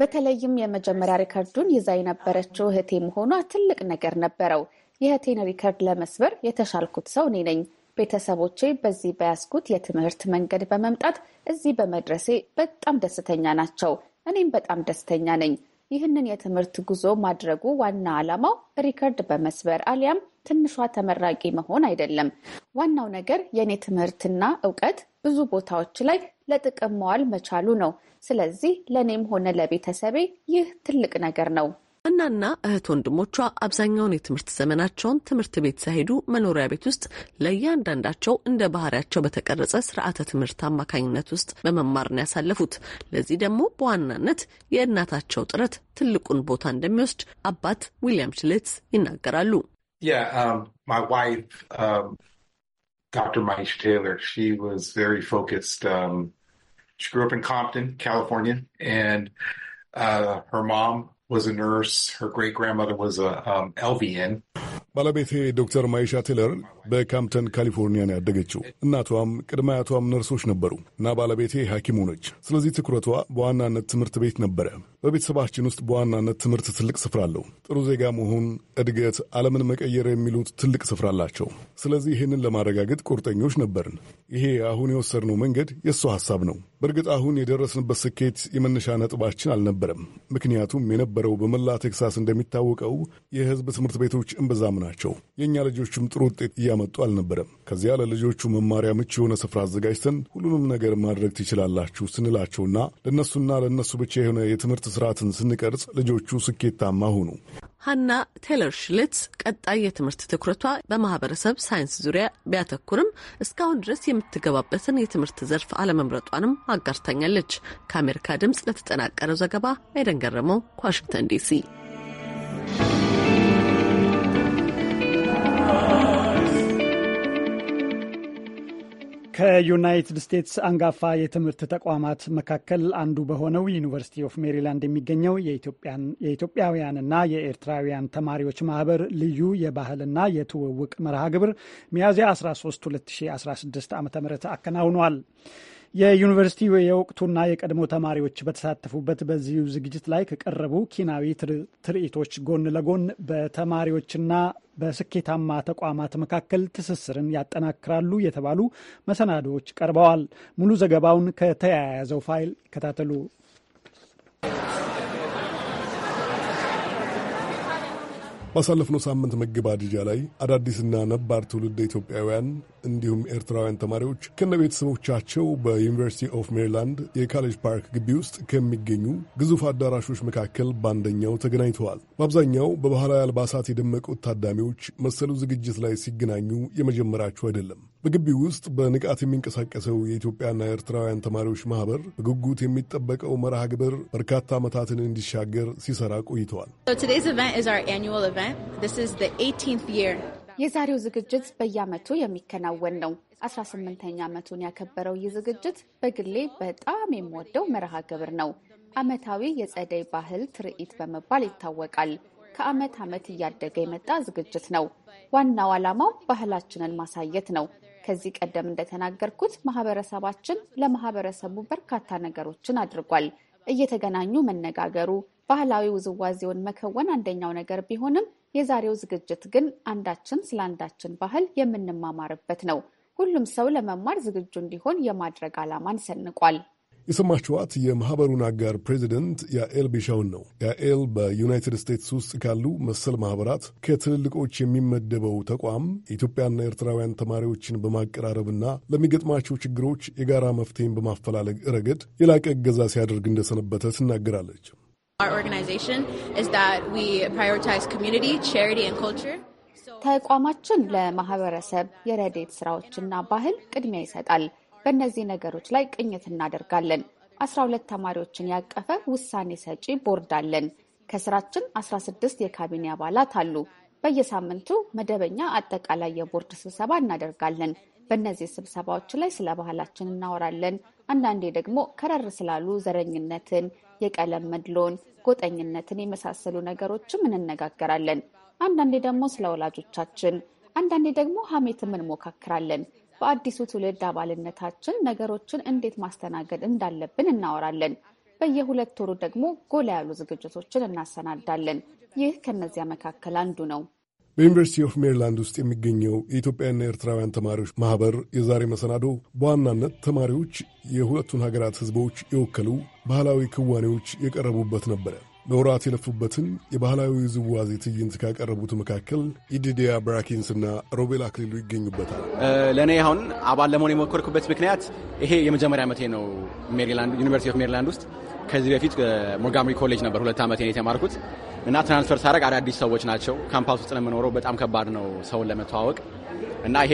በተለይም የመጀመሪያ ሪከርዱን ይዛ የነበረችው እህቴ መሆኗ ትልቅ ነገር ነበረው። የእህቴን ሪከርድ ለመስበር የተሻልኩት ሰው እኔ ነኝ። ቤተሰቦቼ በዚህ በያዝኩት የትምህርት መንገድ በመምጣት እዚህ በመድረሴ በጣም ደስተኛ ናቸው። እኔም በጣም ደስተኛ ነኝ። ይህንን የትምህርት ጉዞ ማድረጉ ዋና ዓላማው ሪከርድ በመስበር አሊያም ትንሿ ተመራቂ መሆን አይደለም። ዋናው ነገር የእኔ ትምህርትና እውቀት ብዙ ቦታዎች ላይ ለጥቅም መዋል መቻሉ ነው። ስለዚህ ለእኔም ሆነ ለቤተሰቤ ይህ ትልቅ ነገር ነው። እናና እህት ወንድሞቿ አብዛኛውን የትምህርት ዘመናቸውን ትምህርት ቤት ሳይሄዱ መኖሪያ ቤት ውስጥ ለእያንዳንዳቸው እንደ ባህሪያቸው በተቀረጸ ስርዓተ ትምህርት አማካኝነት ውስጥ በመማር ነው ያሳለፉት። ለዚህ ደግሞ በዋናነት የእናታቸው ጥረት ትልቁን ቦታ እንደሚወስድ አባት ዊሊያም ሽሌትስ ይናገራሉ። Yeah, um, my wife, um, Dr. Maisha Taylor, she was very focused. Um, she grew up in Compton, California, and uh, her mom was a nurse. Her great grandmother was a um, LVN, ባለቤቴ ዶክተር ማይሻ ቴለር በካምፕተን ካሊፎርኒያ ነው ያደገችው። እናቷም ቅድመ አያቷም ነርሶች ነበሩ እና ባለቤቴ ሐኪሙ ነች። ስለዚህ ትኩረቷ በዋናነት ትምህርት ቤት ነበረ። በቤተሰባችን ውስጥ በዋናነት ትምህርት ትልቅ ስፍራ አለው። ጥሩ ዜጋ መሆን፣ እድገት፣ ዓለምን መቀየር የሚሉት ትልቅ ስፍራ አላቸው። ስለዚህ ይህንን ለማረጋገጥ ቁርጠኞች ነበርን። ይሄ አሁን የወሰድነው መንገድ የእሷ ሐሳብ ነው። በእርግጥ አሁን የደረስንበት ስኬት የመነሻ ነጥባችን አልነበረም። ምክንያቱም የነበረው በመላ ቴክሳስ እንደሚታወቀው የህዝብ ትምህርት ቤቶች እምብዛም ናቸው። የእኛ ልጆችም ጥሩ ውጤት እያመጡ አልነበረም። ከዚያ ለልጆቹ መማሪያ ምቹ የሆነ ስፍራ አዘጋጅተን ሁሉንም ነገር ማድረግ ትችላላችሁ ስንላቸውና ለእነሱና ለእነሱ ብቻ የሆነ የትምህርት ስርዓትን ስንቀርጽ ልጆቹ ስኬታማ ሆኑ። ሀና ቴለር ሽልትስ ቀጣይ የትምህርት ትኩረቷ በማህበረሰብ ሳይንስ ዙሪያ ቢያተኩርም እስካሁን ድረስ የምትገባበትን የትምህርት ዘርፍ አለመምረጧንም አጋርታኛለች። ከአሜሪካ ድምፅ ለተጠናቀረው ዘገባ ኤደን ገረመው ከዋሽንግተን ዲሲ ከዩናይትድ ስቴትስ አንጋፋ የትምህርት ተቋማት መካከል አንዱ በሆነው ዩኒቨርሲቲ ኦፍ ሜሪላንድ የሚገኘው የኢትዮጵያውያንና የኤርትራውያን ተማሪዎች ማህበር ልዩ የባህልና የትውውቅ መርሃ ግብር ሚያዝያ 13 2016 ዓ ም አከናውኗል። የዩኒቨርሲቲ የወቅቱና የቀድሞ ተማሪዎች በተሳተፉበት በዚሁ ዝግጅት ላይ ከቀረቡ ኪናዊ ትርኢቶች ጎን ለጎን በተማሪዎችና በስኬታማ ተቋማት መካከል ትስስርን ያጠናክራሉ የተባሉ መሰናዶዎች ቀርበዋል። ሙሉ ዘገባውን ከተያያዘው ፋይል ይከታተሉ። ባሳለፍነው ሳምንት መገባደጃ ላይ አዳዲስና ነባር ትውልድ ኢትዮጵያውያን እንዲሁም ኤርትራውያን ተማሪዎች ከነ ቤተሰቦቻቸው በዩኒቨርሲቲ ኦፍ ሜሪላንድ የካሌጅ ፓርክ ግቢ ውስጥ ከሚገኙ ግዙፍ አዳራሾች መካከል በአንደኛው ተገናኝተዋል። በአብዛኛው በባህላዊ አልባሳት የደመቁት ታዳሚዎች መሰሉ ዝግጅት ላይ ሲገናኙ የመጀመራቸው አይደለም። በግቢው ውስጥ በንቃት የሚንቀሳቀሰው የኢትዮጵያና ኤርትራውያን ተማሪዎች ማህበር በጉጉት የሚጠበቀው መርሃ ግብር በርካታ ዓመታትን እንዲሻገር ሲሰራ ቆይተዋል። የዛሬው ዝግጅት በየዓመቱ የሚከናወን ነው። 18ኛ ዓመቱን ያከበረው ይህ ዝግጅት በግሌ በጣም የምወደው መርሃ ግብር ነው። ዓመታዊ የጸደይ ባህል ትርኢት በመባል ይታወቃል። ከዓመት ዓመት እያደገ የመጣ ዝግጅት ነው። ዋናው ዓላማው ባህላችንን ማሳየት ነው። ከዚህ ቀደም እንደተናገርኩት ማህበረሰባችን ለማህበረሰቡ በርካታ ነገሮችን አድርጓል። እየተገናኙ መነጋገሩ፣ ባህላዊ ውዝዋዜውን መከወን አንደኛው ነገር ቢሆንም የዛሬው ዝግጅት ግን አንዳችን ስለ አንዳችን ባህል የምንማማርበት ነው። ሁሉም ሰው ለመማር ዝግጁ እንዲሆን የማድረግ ዓላማን ሰንቋል። የሰማችኋት የማህበሩን አጋር ፕሬዚደንት ያኤል ቢሻውን ነው። ያኤል በዩናይትድ ስቴትስ ውስጥ ካሉ መሰል ማህበራት ከትልልቆች የሚመደበው ተቋም የኢትዮጵያና ኤርትራውያን ተማሪዎችን በማቀራረብና ለሚገጥማቸው ችግሮች የጋራ መፍትሄን በማፈላለግ ረገድ የላቀ እገዛ ሲያደርግ እንደሰነበተ ትናገራለች። our organization is that we prioritize community, charity and culture. ተቋማችን ለማህበረሰብ የረዴት ስራዎችና ባህል ቅድሚያ ይሰጣል። በእነዚህ ነገሮች ላይ ቅኝት እናደርጋለን። 12 ተማሪዎችን ያቀፈ ውሳኔ ሰጪ ቦርድ አለን። ከስራችን 16 የካቢኔ አባላት አሉ። በየሳምንቱ መደበኛ አጠቃላይ የቦርድ ስብሰባ እናደርጋለን። በእነዚህ ስብሰባዎች ላይ ስለ ባህላችን እናወራለን። አንዳንዴ ደግሞ ከረር ስላሉ ዘረኝነትን፣ የቀለም መድሎን፣ ጎጠኝነትን የመሳሰሉ ነገሮችም እንነጋገራለን። አንዳንዴ ደግሞ ስለ ወላጆቻችን፣ አንዳንዴ ደግሞ ሀሜትም እንሞካክራለን። በአዲሱ ትውልድ አባልነታችን ነገሮችን እንዴት ማስተናገድ እንዳለብን እናወራለን። በየሁለት ወሩ ደግሞ ጎላ ያሉ ዝግጅቶችን እናሰናዳለን። ይህ ከነዚያ መካከል አንዱ ነው። በዩኒቨርሲቲ ኦፍ ሜሪላንድ ውስጥ የሚገኘው የኢትዮጵያና ኤርትራውያን ተማሪዎች ማህበር የዛሬ መሰናዶ በዋናነት ተማሪዎች የሁለቱን ሀገራት ህዝቦች የወከሉ ባህላዊ ክዋኔዎች የቀረቡበት ነበረ። ለወራት የለፉበትን የባህላዊ ውዝዋዜ ትዕይንት ካቀረቡት መካከል ኢዲዲያ ብራኪንስና ሮቤል አክሊሉ ይገኙበታል። ለእኔ አሁን አባል ለመሆን የሞከርኩበት ምክንያት ይሄ የመጀመሪያ ዓመቴ ነው ሜሪላንድ ዩኒቨርሲቲ ኦፍ ሜሪላንድ ውስጥ ከዚህ በፊት ሞንትጎመሪ ኮሌጅ ነበር ሁለት ዓመቴ ነው የተማርኩት እና ትራንስፈር ሳደርግ አዳዲስ ሰዎች ናቸው። ካምፓስ ውስጥ ነው የምኖረው። በጣም ከባድ ነው ሰውን ለመተዋወቅ እና ይሄ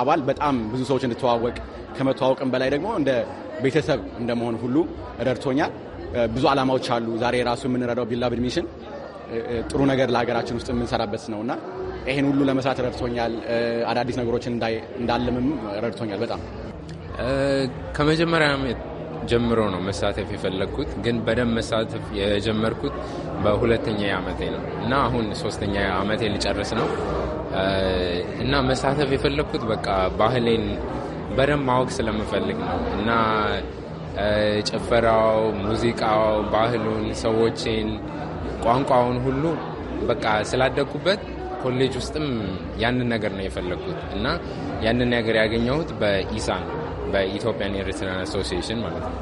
አባል በጣም ብዙ ሰዎች እንድተዋወቅ ከመተዋወቅም በላይ ደግሞ እንደ ቤተሰብ እንደመሆን ሁሉ ረድቶኛል። ብዙ ዓላማዎች አሉ። ዛሬ ራሱ የምንረዳው ቢላ ሚሽን ጥሩ ነገር ለሀገራችን ውስጥ የምንሰራበት ነው እና ይህን ሁሉ ለመስራት ረድቶኛል። አዳዲስ ነገሮችን እንዳለምም ረድቶኛል። በጣም ከመጀመሪያ ጀምሮ ነው መሳተፍ የፈለግኩት፣ ግን በደንብ መሳተፍ የጀመርኩት በሁለተኛ ዓመቴ ነው እና አሁን ሶስተኛ ዓመቴ ልጨርስ ነው እና መሳተፍ የፈለግኩት በቃ ባህሌን በደንብ ማወቅ ስለምፈልግ ነው እና ጭፈራው፣ ሙዚቃው፣ ባህሉን፣ ሰዎችን፣ ቋንቋውን ሁሉ በቃ ስላደግኩበት ኮሌጅ ውስጥም ያንን ነገር ነው የፈለግኩት እና ያንን ነገር ያገኘሁት በኢሳ ነው፣ በኢትዮጵያን ኤርትራን አሶሲሽን ማለት ነው።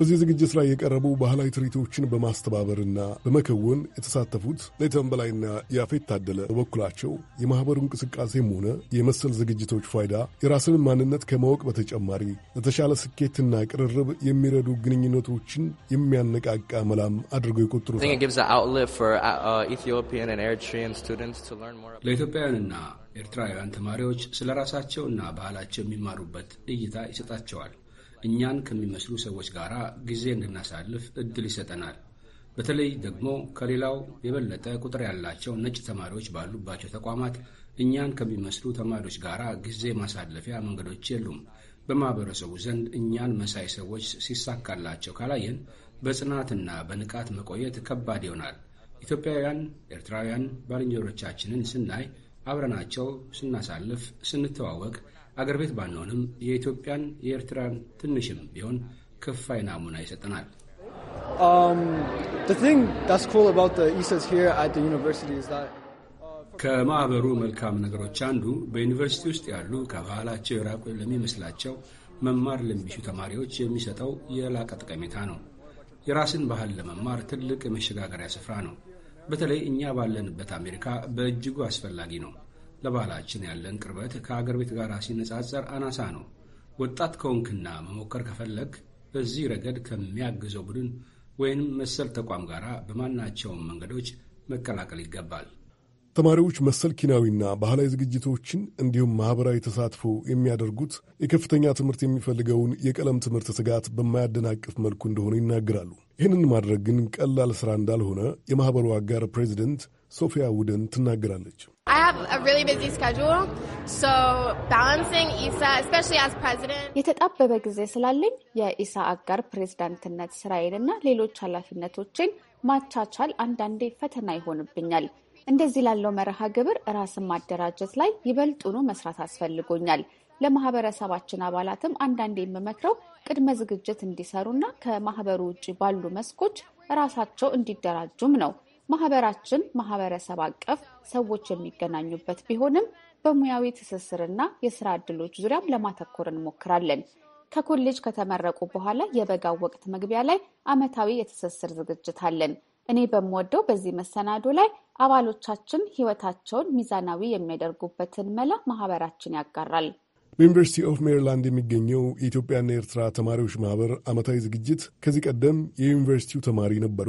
በዚህ ዝግጅት ላይ የቀረቡ ባህላዊ ትርኢቶችን በማስተባበርና በመከወን የተሳተፉት ሌተን በላይና ያፌት ታደለ በበኩላቸው የማኅበሩ እንቅስቃሴም ሆነ የመሰል ዝግጅቶች ፋይዳ የራስን ማንነት ከማወቅ በተጨማሪ ለተሻለ ስኬትና ቅርርብ የሚረዱ ግንኙነቶችን የሚያነቃቃ መላም አድርገው ይቆጥሩታል። uh, ለኢትዮጵያውያንና ኤርትራውያን ተማሪዎች ስለ ራሳቸውና ባህላቸው የሚማሩበት እይታ ይሰጣቸዋል። እኛን ከሚመስሉ ሰዎች ጋር ጊዜ እንድናሳልፍ እድል ይሰጠናል። በተለይ ደግሞ ከሌላው የበለጠ ቁጥር ያላቸው ነጭ ተማሪዎች ባሉባቸው ተቋማት እኛን ከሚመስሉ ተማሪዎች ጋር ጊዜ ማሳለፊያ መንገዶች የሉም። በማህበረሰቡ ዘንድ እኛን መሳይ ሰዎች ሲሳካላቸው ካላየን በጽናትና በንቃት መቆየት ከባድ ይሆናል። ኢትዮጵያውያን፣ ኤርትራውያን ባልንጀሮቻችንን ስናይ አብረናቸው ስናሳልፍ ስንተዋወቅ አገር ቤት ባንሆንም የኢትዮጵያን የኤርትራን ትንሽም ቢሆን ክፋይ ናሙና ይሰጠናል። um, e e uh, ከማኅበሩ መልካም ነገሮች አንዱ በዩኒቨርሲቲ ውስጥ ያሉ ከባህላቸው የራቁ ለሚመስላቸው መማር ለሚሹ ተማሪዎች የሚሰጠው የላቀ ጠቀሜታ ነው። የራስን ባህል ለመማር ትልቅ የመሸጋገሪያ ስፍራ ነው። በተለይ እኛ ባለንበት አሜሪካ በእጅጉ አስፈላጊ ነው። ለባህላችን ያለን ቅርበት ከአገር ቤት ጋር ሲነጻጸር አናሳ ነው። ወጣት ከሆንክና መሞከር ከፈለግ በዚህ ረገድ ከሚያግዘው ቡድን ወይንም መሰል ተቋም ጋር በማናቸውም መንገዶች መቀላቀል ይገባል። ተማሪዎች መሰል ኪናዊና ባህላዊ ዝግጅቶችን እንዲሁም ማኅበራዊ ተሳትፎ የሚያደርጉት የከፍተኛ ትምህርት የሚፈልገውን የቀለም ትምህርት ስጋት በማያደናቅፍ መልኩ እንደሆነ ይናገራሉ። ይህንን ማድረግ ግን ቀላል ሥራ እንዳልሆነ የማኅበሩ አጋር ፕሬዚደንት ሶፊያ ውደን ትናገራለች። የተጣበበ ጊዜ ስላለኝ የኢሳ አጋር ፕሬዝዳንትነት ስራዬንና ሌሎች ኃላፊነቶችን ማቻቻል አንዳንዴ ፈተና ይሆንብኛል። እንደዚህ ላለው መርሃ ግብር ራስን ማደራጀት ላይ ይበልጡኑ መስራት አስፈልጎኛል። ለማህበረሰባችን አባላትም አንዳንድ የምመክረው ቅድመ ዝግጅት እንዲሰሩና ከማህበሩ ውጭ ባሉ መስኮች ራሳቸው እንዲደራጁም ነው። ማህበራችን ማህበረሰብ አቀፍ ሰዎች የሚገናኙበት ቢሆንም በሙያዊ ትስስርና የስራ ዕድሎች ዙሪያም ለማተኮር እንሞክራለን። ከኮሌጅ ከተመረቁ በኋላ የበጋው ወቅት መግቢያ ላይ አመታዊ የትስስር ዝግጅት አለን። እኔ በምወደው በዚህ መሰናዶ ላይ አባሎቻችን ህይወታቸውን ሚዛናዊ የሚያደርጉበትን መላ ማህበራችን ያጋራል። በዩኒቨርሲቲ ኦፍ ሜሪላንድ የሚገኘው የኢትዮጵያና ኤርትራ ተማሪዎች ማህበር ዓመታዊ ዝግጅት ከዚህ ቀደም የዩኒቨርሲቲው ተማሪ ነበሩ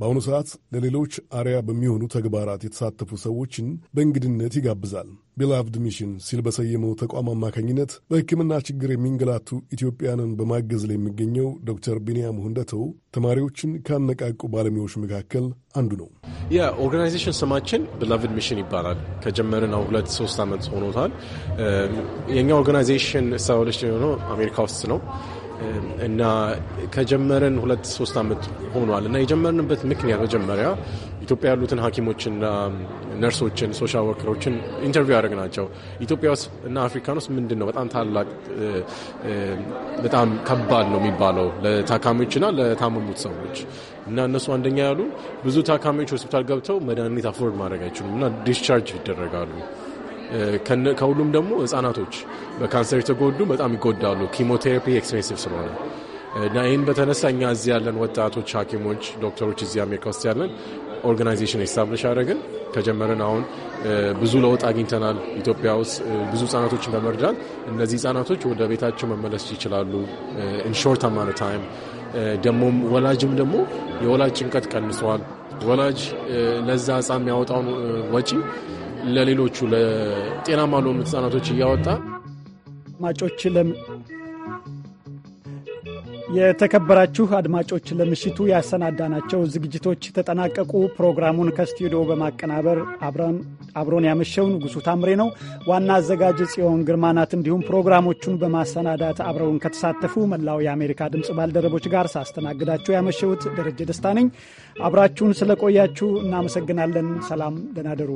በአሁኑ ሰዓት ለሌሎች አርያ በሚሆኑ ተግባራት የተሳተፉ ሰዎችን በእንግድነት ይጋብዛል። ቢላቭድ ሚሽን ሲል በሰየመው ተቋም አማካኝነት በሕክምና ችግር የሚንገላቱ ኢትዮጵያንን በማገዝ ላይ የሚገኘው ዶክተር ቢንያም ሁንደተው ተማሪዎችን ካነቃቁ ባለሙያዎች መካከል አንዱ ነው። የኦርጋናይዜሽን ስማችን ቢላቭድ ሚሽን ይባላል። ከጀመርን ሁለት ሶስት ዓመት ሆኖታል። የኛ ኦርጋናይዜሽን ሳውልሽ የሆነው አሜሪካ ውስጥ ነው። እና ከጀመረን ሁለት ሶስት ዓመት ሆኗል እና የጀመርንበት ምክንያት መጀመሪያ ኢትዮጵያ ያሉትን ሐኪሞችና ነርሶችን ሶሻል ወርከሮችን ኢንተርቪው ናቸው። ኢትዮጵያ ውስጥ እና አፍሪካን ውስጥ ምንድን ነው በጣም ታላቅ በጣም ከባድ ነው የሚባለው ለታካሚዎችና ለታመሙት ሰዎች እና እነሱ አንደኛ ያሉ ብዙ ታካሚዎች ሆስፒታል ገብተው መድኃኒት አፎርድ ማድረግ አይችሉም እና ዲስቻርጅ ይደረጋሉ። ከሁሉም ደግሞ ህጻናቶች በካንሰር የተጎዱ በጣም ይጎዳሉ፣ ኪሞቴራፒ ኤክስፔንሲቭ ስለሆነ እና ይህን በተነሳ እኛ እዚህ ያለን ወጣቶች፣ ሐኪሞች፣ ዶክተሮች እዚህ አሜሪካ ውስጥ ያለን ኦርጋናይዜሽን ኤስታብሊሽ አደረግን። ከጀመርን አሁን ብዙ ለውጥ አግኝተናል። ኢትዮጵያ ውስጥ ብዙ ህጻናቶችን በመርዳት እነዚህ ህጻናቶች ወደ ቤታቸው መመለስ ይችላሉ ኢንሾርት አማነ ታይም ደግሞም ወላጅም ደግሞ የወላጅ ጭንቀት ቀንሰዋል። ወላጅ ለዛ ህጻን የሚያወጣውን ወጪ ለሌሎቹ ለጤናማ ለሆኑ ህጻናቶች እያወጣ አድማጮች የተከበራችሁ አድማጮች ለምሽቱ ያሰናዳናቸው ዝግጅቶች ተጠናቀቁ። ፕሮግራሙን ከስቱዲዮ በማቀናበር አብረን አብሮን ያመሸው ንጉሡ ታምሬ ነው። ዋና አዘጋጅ ጽዮን ግርማ ናት። እንዲሁም ፕሮግራሞቹን በማሰናዳት አብረውን ከተሳተፉ መላው የአሜሪካ ድምፅ ባልደረቦች ጋር ሳስተናግዳችሁ ያመሸሁት ደረጀ ደስታ ነኝ። አብራችሁን ስለቆያችሁ እናመሰግናለን። ሰላም፣ ደህና ደሩ።